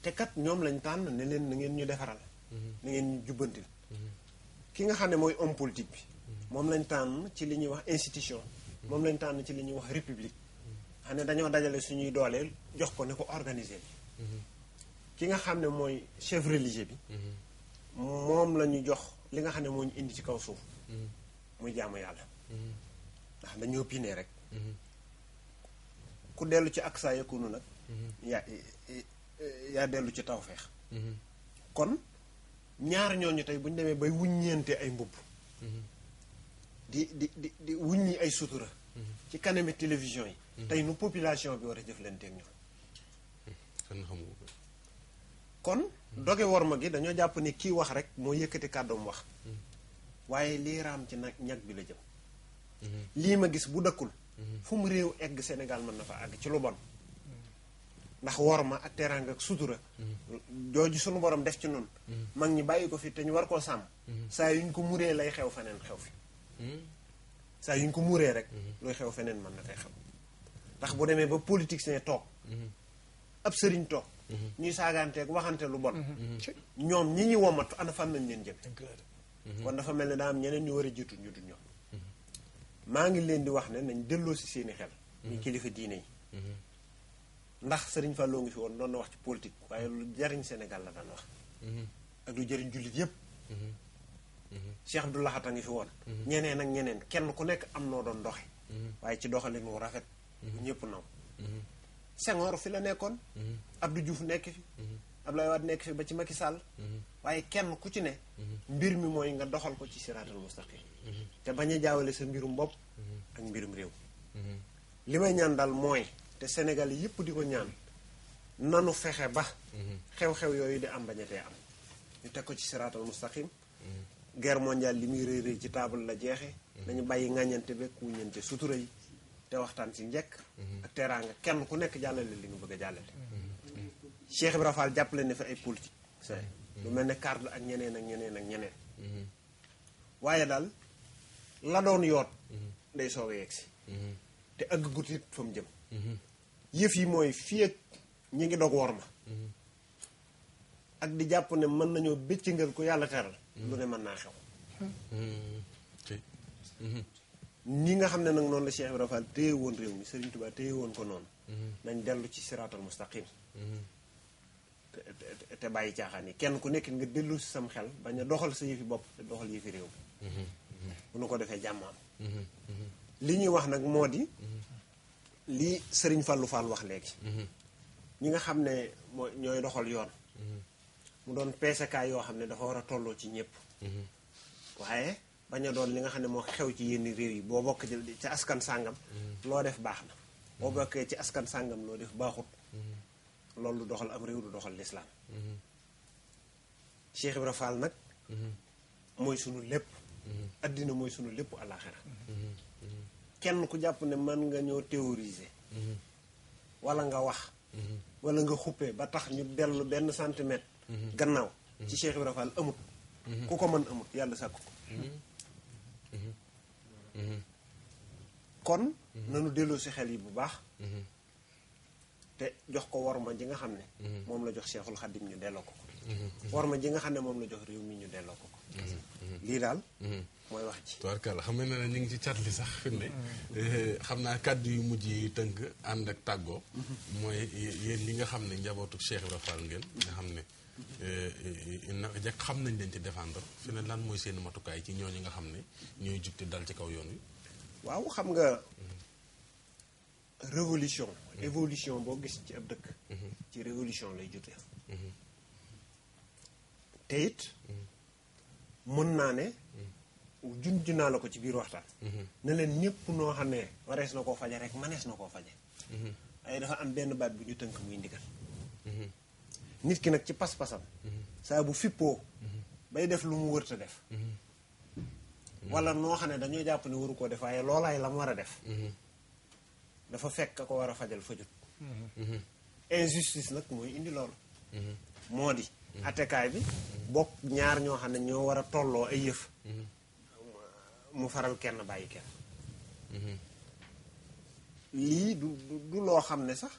te kat ñoom lañ tànn ne leen na ngeen ñu defaral na ngeen ñu jubbantil ki nga xam ne mooy homme politique bi moom lañ tànn ci li ñuy wax institution moom lañ tànn ci li ñuy wax république xam ne dañoo dajale suñuy dooleel jox ko ne ko organiser bi ki nga xam ne mooy chef religieux bi moom la ñu jox li nga xam ne moo ñu indi ci kaw suuf muy jaamu yàlla ndax dañoo pine rek mhm. ku dellu ci ak saa yakunu nag mhm. yaa dellu ci tawfeex mhm. kon ñaar ñooñu tey bu ñu demee bay wuñ wuññeente ay mbubb di di di di ni ay sutura ci kanami télévision yi tey nu population bi war a jëflanteeg ñoom kon doge worma gi dañoo jàpp ni kiy wax rek moo yëkkati kàddoom wax waaye lii raam ci nag ñag bi la jëm Mhm. lima ma gis bu dekkul
mhm. fu
mu réew egg senegal man na fa ag ci lu bon ndax wor ma ak teraanga ak sutura mhm. jooju sunu borom def ci nun mag ñi bayiko fi te ñu war ko sam sa yuñ ko muree lay xew fenen xew fi sa yuñ ko muree rek luy xew fenen man na fay xew ndax bu ba sene tok ab tok ñi sagante ak waxante lu bon ñom ñi ñi womat ana fan nañ leen jëm kon dafa melni da am ñeneen ñu wara jitu ñu du ñom maa ngi leen di wax ne nañ delloo si seeni xel. ñu mhm. kilifa diine yi. Mhm. ndax Serigne Fallou ngi fi woon doon na wax ci politique waaye lu jariñ senegal la daan wax. Mhm. ak lu jëriñ jullit yëpp. Cheikh Abdou Lahad a ngi fi woon. ñeneen ak ñeneen kenn ku nekk am noo doon doxe waaye ci doxalin rafet. bu ñëpp naw. Senghor fi la nekkoon. Abdou Diouf nekk fi. Abdoulaye Wade nek ba ci Macky Sall mhm. waye kenn ku ci ne mhm. mbir mi moy nga doxal ko ci siratul mustaqim mhm. te baña a jaawale sa mbirum bop ak mbirum rew limay ñaan dal moy te sénégal yépp diko ñaan nanu fexé ba xew-xew yoyu di am bañatee am ñu teg ko ci siratul mustaqim guerre mondiale limi reey reey ci table la jeexe nañu bàyyi ŋàññante beeg wuññante sutura yi te waxtaan ci ñek ak teranga kenn ku nekk jallale li nga bëgg jallale Cheikh Ibrahima Fall jàppale ne fi ay politique lu mel ne Carlo ak ñeneen ak ñeneen ak ñeneen mhm. waaye daal la doon yoot mhm. day soog a yegsi mhm. te ëgg gutit fa mu jëm yëf yi mooy fii ak ñi ngi dog wor ma ak di jàpp ne mën nañoo bëccëngal ku yàlla teral lu ne mën naa xew ñi nga xam ne nag noonu la Cheikh Ibrahima Fall téye woon réew mi Serigne Touba téye woon ko noonu nañ dellu ci siraatal mustaqim te bàyyi caaxaan yi kenn ku nekk nga dellu si sam xel bañ a doxal sa yëfi bopp te doxal yëfi réew mi mm-hmm. bu nu ko defee jàmm mm-hmm. Mm-hmm. li ñuy wax nag moo di lii sëriñ Fallou Fall wax léegi ñi nga xam ne mooy ñooy doxal yoon mu doon peesekaay yoo xam ne dafa war a tolloo ci ñëpp waaye bañ a doon li nga xam ne moo xew ci yenn réew yi boo bokk ci askan sàngam loo def baax na boo bokkee ci askan sàngam loo def baaxut loolu doxal am réew du doxal lislaam mhm. Cheikh Ibra Fall nag mhm. mooy sunu lépp mhm. addina mooy sunu lépp àllaaxira kenn ku jàpp ne man nga ñoo théoriser wala nga wax wala nga xuppe ba tax ñu dellu benn centimètre gannaaw ci Cheikh Ibra Fall amut ku ko man amut yàlla sàkku ko kon nanu delloo si xel yi bu baax te jox ko worma ji nga xam ne mhm. moom la jox Cheikhul Khadim ñu delloo ko ko
mhm. Mhm. worma
ji nga xam ne moom la jox réew mi ñu delloo ko ko lii daal mooy wax
ji tubaarkàlla xam ne ñu ngi ci cat li sax fi eh, xam naa kàddu yu mujj tënk ànd ak tàggoo mooy yéen ñi nga xam ne njabootu Cheikh Ibra Fall ngeen nga xam ne eh, na jekk xam nañ leen ci défendre fi ne lan mooy seeni matukaay ci ñooñu nga xam ne ñooy jub te dal ci kaw yoon wi waaw
xam nga révolution mm-hmm. évolution boo gis ci ab dëkk mm-hmm. ci révolution lay jute mm-hmm. te it mën naa ne junj naa la ko ci biir waxtaan ne leen ñëpp noo xam ne warees na koo faje rek manees na koo faje ay dafa am benn baat bu ñu tënk muy ndigal nit ki nag ci pas-pasam saa bu fippoo bay def lu mu wërta def wala noo xam ne dañoo jàpp ni waru koo def waaye loolaay la mu war a def dafa fekk ko war a fajal fajut mm-hmm. injustice nag mooy indi loolu mm-hmm. moo di mm-hmm. attekaay bi bokk ñaar ñoo xam ne ñoo war a tolloo ay yëf mu faral kenn bàyyi
kenn
lii du du loo xam ne sax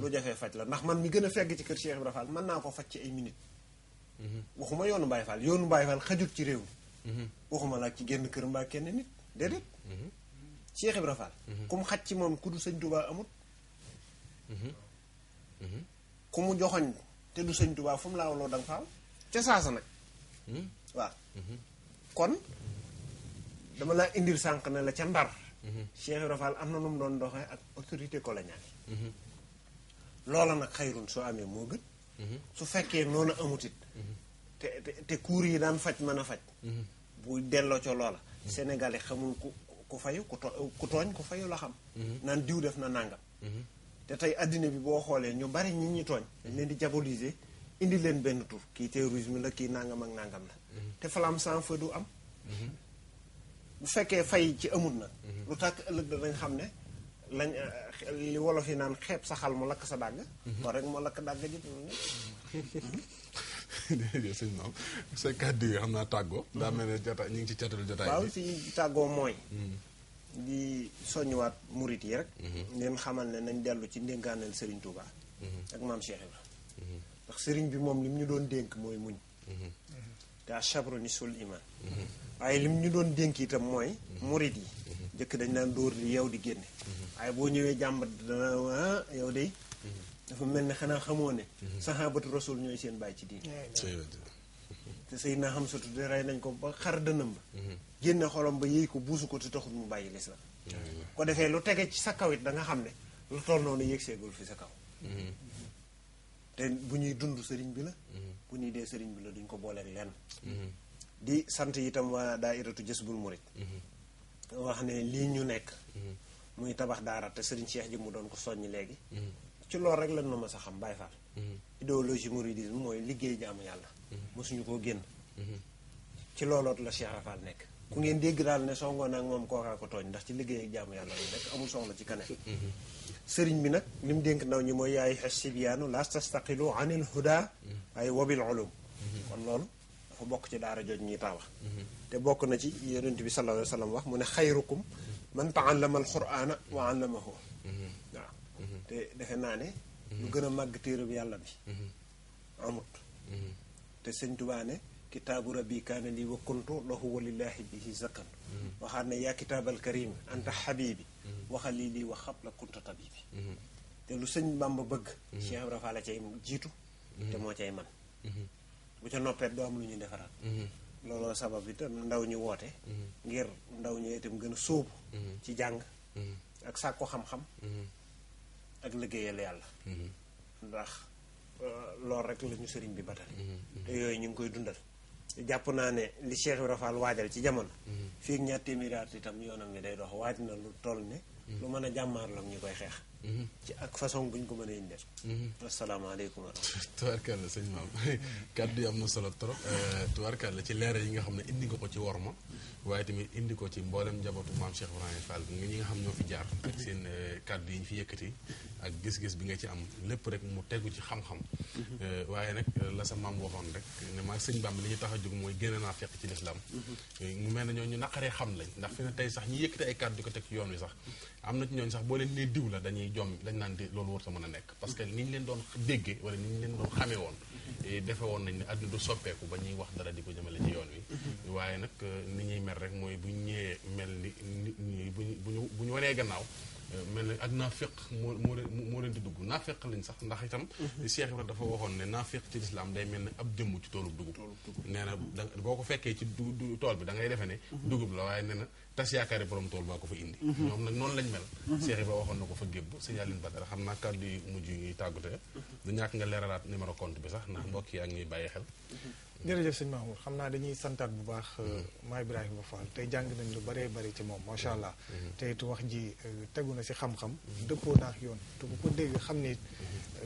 lu jafee faj la ndax man mi gën a fegg ci kër Cheikh Ibra Fall mën naa ko faj ci ay minute waxuma yoonu Baye Fall yoonu Baye Fall xajut ci réew mi waxuma laa ci genn kër mbaa kenn nit déedéet Cheikh Ibra Fall. Mhm. ku mu xaj ci moom ku du sëñ Touba amut.
Mhm. Mhm.
ku mu joxoñ te du sëñ Touba fu mu laawloo da nga faaw ca saasa nag. waaw kon dama laa indil sànq ne la ca ndar. Cheikh Ibra Fall am na nu mu doon doxe ak autorité coloniale. loola nag xayrun soo amee moo gën. su fekkee noonu amut it. te te kuur yi daan faj mën a faj. buy delloo ca loola. Sénégalais xamul ku. ku fayu ku to ku tooñ ku fayu la xam mhm. naan diw def na nàngam mhm. te tey addina bi boo xoolee ñu bari ñi ñi tooñ dañ leen di diaboliser indi leen benn tur kii terrorisme la kii nàngam ak nàngam la mhm. te flamme sans feu du am bu fekkee fay ci amut na lu tàkk ëllëg danañ xam ne lañ eh, li wolof yi naan xeeb sa xal mu lakk sa dàgg war rek moo lakk dàgg ji
déedéet sëñ Maam sa kàddu yi xam naa tàggoo. Mm-hmm. daa mel ne jotaay ñu ngi ci catal jotaay bi. waaw si tàggoo mooy. Mm-hmm.
di soññiwaat murit yi rek. leen mm-hmm. xamal ne nañ dellu ci ndénkaaneel Serigne Touba. ak maam Cheikh
Ibrahima.
ndax Serigne bi moom lim ñu doon dénk mooy muñ. te ashabru nisul iman. waaye lim ñu doon dénk tam mooy. murit yi. njëkk dañ daan dóor di yow di génne. waaye boo ñëwee jàmbat dana ah, yow de. dafa mel ni xanaa xamoo ne. Mhm. saxaabatu rasul ñooy seen bàyyi ci diin. te sëy naa xam sotu de rey nañ ko ba xar dënam ba. Mhm. génne xolam ba yéey ko buusu ko te taxul mu bàyyi lislaam ko defee lu tege ci sa kaw it da xam ne lu toll noonu yéeg seegul fi sa kaw. Mhm. te bu ñuy dund sëriñ bi la. bu ñuy dee sëriñ bi la duñ ko booleeg lenn. di sant itam waa daairatu Jazbul Murid. wax ne lii ñu nekk. muy tabax daara te sëriñ Cheikh ji mu doon ko soññ léegi. ci loolu rek lan na ma sax xam Baye Fall mhm. idéologie mouridisme mooy liggéey jàmm yàlla mhm. mosuñu koo génn mhm. ci looloot la Cheikh Rafal nekk ku ngeen dégg daal ne songoo naag moom kookaa ko tooñ ndax ci liggéey ak jaamu yàlla lu nekk amul soxla ci kanam sëriñ bi nag li dénk ndaw ñi mooy yaay xes sibiyaanu la tastaqilu anil huda ay wabil ulum kon loolu dafa bokk ci daara jooj ñuy taawa te bokk na ci yonent bi sallallahu alayhi wa sallam wax mu ne xayrukum man taallama alqurana wa allamahu te defe naa ne lu gën a màgg téere yàlla bi amut te sëñ Tuubaa ne kitaabu rabbi kaana lii wa kuntu lahu walilaahi bihi zakkan waxaat ne yaa kitaabal karim anta xabibi waxal lii lii wax xab la kunta tabibi te lu sëñ Bàmba bëgg Cheikh Ibra Fall la cay jiitu te moo cay man bu ca noppee doo am lu ñuy defaraat looloo sabab itam ndaw ñu woote ngir ndaw ñi itam gën a sóobu ci jàng ak sàkku xam-xam ak liggéeyal yàlla ndax euh, loolu rek la sëriñ bi batal mhm. te yooyu ñu ngi koy dundal jàpp naa ne li Cheikh Ibra Fall waajal ci jamono mhm. fii ak ñaar téeméeri at itam yoonam bi day dox waaj na lu toll ne mhm. lu mën a jàmmaarloog ñu koy xeex ci ak façon buñ ko mënee def.
asalaamaaleykum wa rahmatulah. tubaarkàlla sëñ maam kàddu yi am na solo trop. Eh, tubaarkàlla ci leeral yi nga xam ne indi nga ko ci ma waaye tamit indi ko ci mboolem njabootu maam Cheikh Ibrahima Fall nga ñi nga xam ñoo fi jaar. ak seen eh, kàddu fi yëkkati ak gis-gis bi nga ci am lépp rek mu tegu ci xam mhm. eh, waaye nag la sa maam waxoon rek ne maa sëñ Bàmb li ñu tax a jóg mooy génne naa fekk ci lislaam. Mhm. mu mel ne ñooñu naqaree xam lañ ndax fi ne tey sax ñi yëkkati ay kàddu ko teg ci yoon wi sax am na ci sax boo leen diw la dañuy jom lañ nan di loolu wurtu mëna nek parce que niñ leen doon déggé wala niñ leen doon xamee woon eh, défé won nañ ni addu du soppeeku ba ñuy wax dara di ko jëmale ci yoon wi waaye nak eh, ni ñuy mel rek moy bu ñëwee mel ni bu ñu bu gannaaw mel ne ak naafeq moo moo leen moo leen di dugg naafeq lañ sax ndax itam mhm. Cheikh Ibrahima dafa waxoon ne naafeq ci lislaam day mel ne ab jëmm ci toolu dugub nee na da boo ko fekkee ci du tool bi dangay defe defee ne mhm. dugub la waaye nee na tas yaakaari borom tool baa ko fa indi mhm. ñoom nag noonu lañ mel Cheikh Ibrahima waxoon na ko fa gébb sëñ Aline Badara xam naa kàddu yu mujj yi ñuy tàggute du ñàkk nga leeralaat numéro compte bi sax ndax mbokk yaa ngi ñuy bàyyi xel
jërëjëf sëñ Mamour xam naa dañuy santaat bu baax euh, mm-hmm. maa Ibrahima Fall tey jàng nañ lu bëree bëri ci moom macha allah mm-hmm. te wax ji euh, tegu na si xam-xam mm-hmm. dëppoo naax yoon te bu ko dégg xam ni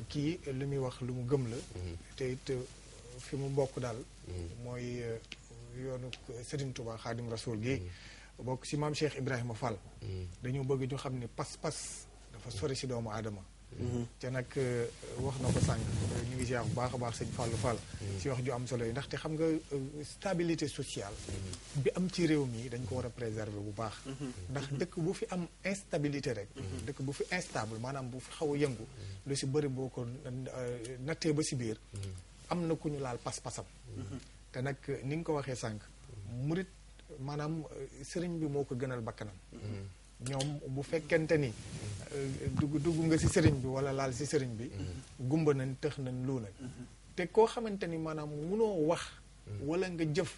kii li muy wax lu mu gëm la te euh, fi mu bokk daal mooy yoonu Serigne Touba Xaadim Rasoul gi bokk si maam Cheikh Ibrahima Fall dañoo bëgg ñu xam ne pas-pas dafa sori si doomu aadama karena ke eh, wax na ko sànq eh, ñu ngi ziar bu baax a baax sëñ Fallou Fall mm-hmm. si wax ju am solo yi ndaxte xam nga eh, stabilité sociale mm-hmm. bi am ci réew mi dañ ko préserver bu baax mm-hmm. ndax dëkk bu fi am instabilité rek dëkk bu fi instable bu fi xaw yëngu lu si bëri boo ko ba biir am na ku ñu laal pas-pasam te nag ni nga ko waxee sànq murit maanaam sëriñ bi gënal bakkanam ñoom bu fekkente ni euh, dugg dugg nga si sëriñ bi wala laal si sëriñ bi gumba nañ tëx nañ lu nañ te koo xamante ni maanaam munoo wax wala nga jëf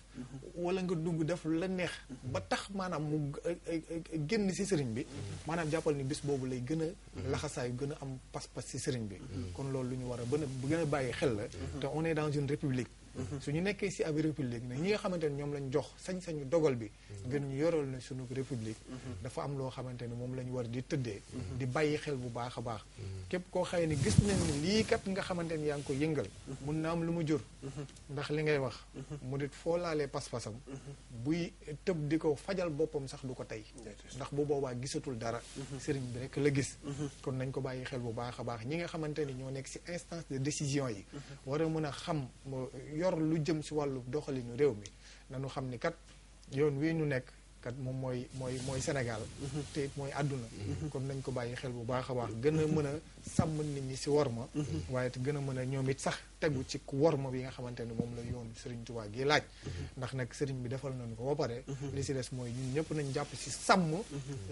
wala nga dugg def la neex ba tax maanaam mu euh, euh, génn si sëriñ bi maanaam jàppal ni bis boobu lay gën a laxasaayu gën a am pas-pas si sëriñ bi mm-hmm. kon loolu lu ñu war a bën a gën a bàyyi xel la mm-hmm. te on est dans une république su ñu nekkee si ab république nag ñi nga xamante ñoom lañ jox sañ-sañu dogal bi mhm. ngir ñu yoral na sunu république mhm. dafa am loo xamante ne moom la ñu war di tëddee mhm. di bàyyi xel bu baax a baax képp koo xëy ni gis nañ lii kat nga xamante ne yaa ngi ko yëngal mun na am lu mu jur ndax li ngay wax mu dit foo laalee pas-pasam buy tëb di ko fajal boppam sax du ko tey ndax bu boobaa gisatul dara sëriñ bi rekk la gis kon nañ ko bàyyi xel bu baax a baax ñi nga xamante ni ñoo nekk si instance décision yi yor lu jëm si wàllu doxalinu réew mi nañu xam ni kat yoon wii ñu nekk kat moom mooy mooy mooy Sénégal mhm. te it mooy àdduna mhm. kon nañ ko bàyyi xel bu baax a baax gën a mën a sàmm nit ñi si worma. Mhm. waaye te gën a mën a ñoom it sax tegu ci worma bi nga xamante ne moom la yoon Serigne Touba gi laaj. Mhm. ndax nag Serigne bi defal nañu ko ba pare. Mhm. li si des mooy ñëpp nañ jàpp si sàmm.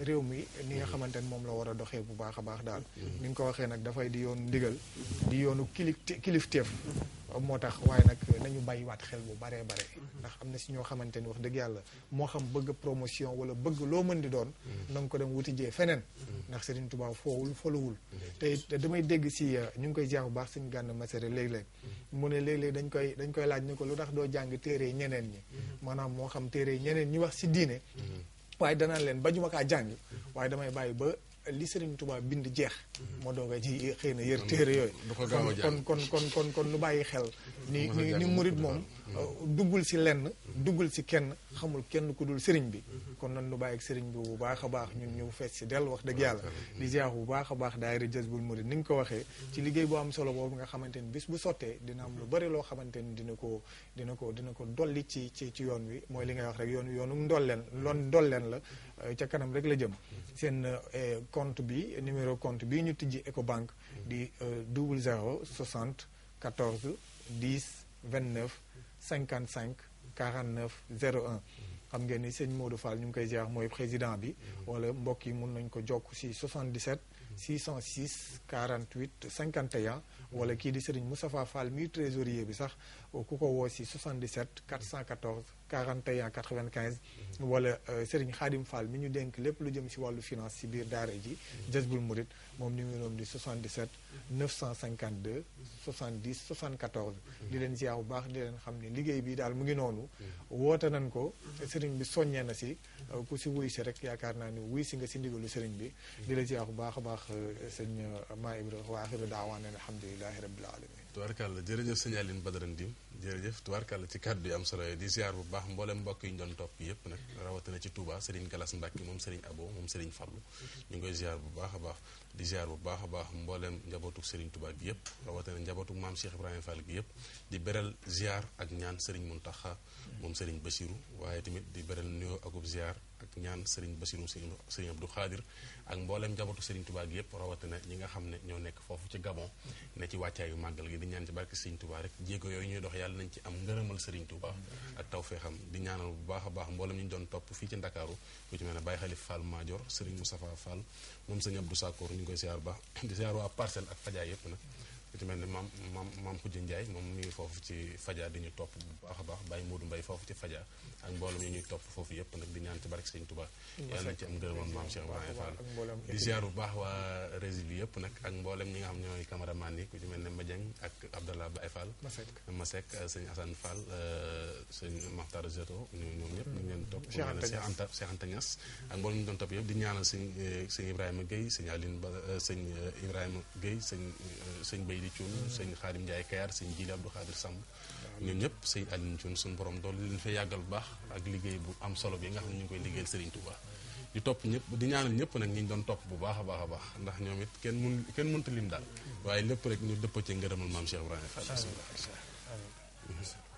réew mi ni nga xamante ne moom la war a doxee bu baax a baax daal. ni nga ko waxee nag dafay di yoon ndigal. di yoonu kilifte kilifteef. moo tax waaye nag nañu bàyyiwaat xel bu baree bare. ndax am na si ñoo xamante ni wax dëgg yàlla moo xam bëgg promotion wala bëgg loo mën di doon. feneen. folowul tey damay dégg si euh, ñu ngi koy jeex bu baax suñu gànn masere léeg-léeg mm-hmm. mu ne léeg-léeg dañ koy dañ koy laaj ne ko lu tax doo jàng téere yi ñeneen ñi mm-hmm. maanaam moo xam téere yi ñeneen ñi wax si diine mm-hmm. waaye danaa leen ba ñu ma kaa jàng waaye damay bàyyi ba li Serigne tubaab bind jeex moo dooga ci xëy na yër téere yooyu kon kon kon kon kon nu bàyyi xel ni ni murit moom Euh, duggul si lenn duggul si kenn xamul kenn ku dul sëriñ bi kon nan nu bàyyi ak sëriñ bi bu baax a baax ñun ñu fees si del wax dëgg yàlla di bu baax a baax daay daayira Jazbul Murid ni nga ko waxee ci liggéey bu am solo boobu nga xamante ni bis bu sottee dina am lu bari loo xamante ni dina ko dina ko dina ko dolli ci ci ci yoon wi mooy li ngay wax rek yoon yoonu ndolleen loon dolleen la euh, ca kanam rek la jëm seen euh, compte bi numéro compte bi ñu tijji Ecobank di double zéro soixante quatorze dix vingt neuf 55 49 01 xam ngeen ni dit, c'est Fall ñu de koy ziar mooy président bi wala mbokk yi mun nañ ko jokk si 77 606 48 51 wala kii di Moustapha Fall mi trésorier bi sax ku ko woo 77 414 41 à 95 wala euh, Serigne Khadim Fall mi ñu dénk lépp lu jëm si wàllu finance si biir daara ji Jazbul Murid moom numéro di 77 952 70 74 di leen ziar bu baax di leen xam ni liggéey bi daal mu ngi noonu woote nañ ko Serigne bi soññee na si euh, ku si wuy si rek yaakaar naa ni wuy si nga si ndigalu Serigne bi di la ziar bu baax baax euh, sëñ maa ibra waa axiru daawaana alhamdulilahi rabbil
alamin tubaarkàlla jërëjëf sëñ Aline Badara Ndim jërëjëf tubaarkàlla ci kàddu yi am solo yi di ziar bu baax mboolem mbokk yi doon topp yépp nag rawatina ci Touba Serigne Galas Mbacke moom Serigne Abo moom Serigne Fallou ñu ngi koy ziar bu baax a baax di ziar bu baax a baax mboolem njabootu Serigne Touba gi yépp rawatina njabootu maam Cheikh Ibrahima Fall gi yépp di beral ziar ak ñaan Serigne tax moom Serigne Bassirou waaye tamit di beral nuyoo akub ziar ak ñaan sëriñ Bassirou sëriñ Abdou Khadir ak mbooleem njabootu sëriñ Touba gi yëpp rawatina ñi nga xam ne ñoo nekk foofu ci Gabon ne ci wàccaayu màggal gi di ñaan ci barke sëriñ Touba rek jéego yooyu ñuy dox yàlla nañ ci am ngërëmal sëriñ Touba ak tawfeexam di ñaanal bu baax a baax mbooleem ñu doon topp fii ci Ndakaaru ku ci mel ne Baye Khalif Fall Madior sëriñ Moustapha Fall moom sëriñ Abdou Sakor ñu koy siyaar baax di siyaar waa Parcelles ak Fadia yëpp nag ci mel ni mam mam mam Khoudia Ndiaye mi ngi ci faja di ñu topp bu baax baax bàyyi Moodu Mbay foofu ci faja ak mboolem yi ñuy topp foofu yëpp nag di ñaan ci barke Sëñ Tuba yàlla ci am ngërëmam maam Cheikh Ibrahima
Fall di ziar bu
baax waa résil bi yëpp ak mboolem ñi nga xam ñooy cameraman yi ku ci mel ak Abdallah Baye Fall euh, Fall euh, Zeto ñu Cheikh Anta Cheikh Anta ak ñu di ñaanal euh, Gueye Aline Gueye Seydi Thioune sëñ Xaadim Ndiaye Kayar sëñ Jili Abdou Xaadir Samb ñun ñëpp sëñ Alioune Thioune suñu borom dool leen fa yàggal bu baax ak liggéey bu am solo bi nga xam ne ñu ngi koy liggéeyal Serigne Touba di topp ñëpp di ñaanal ñëpp nag ñi ñu doon topp bu baax a baax a baax ndax ñoom it kenn mun kenn mënta lim daal waaye lépp rek ñu dëpp ci ngërëmal maam Cheikh Ibrahima Fall bismillah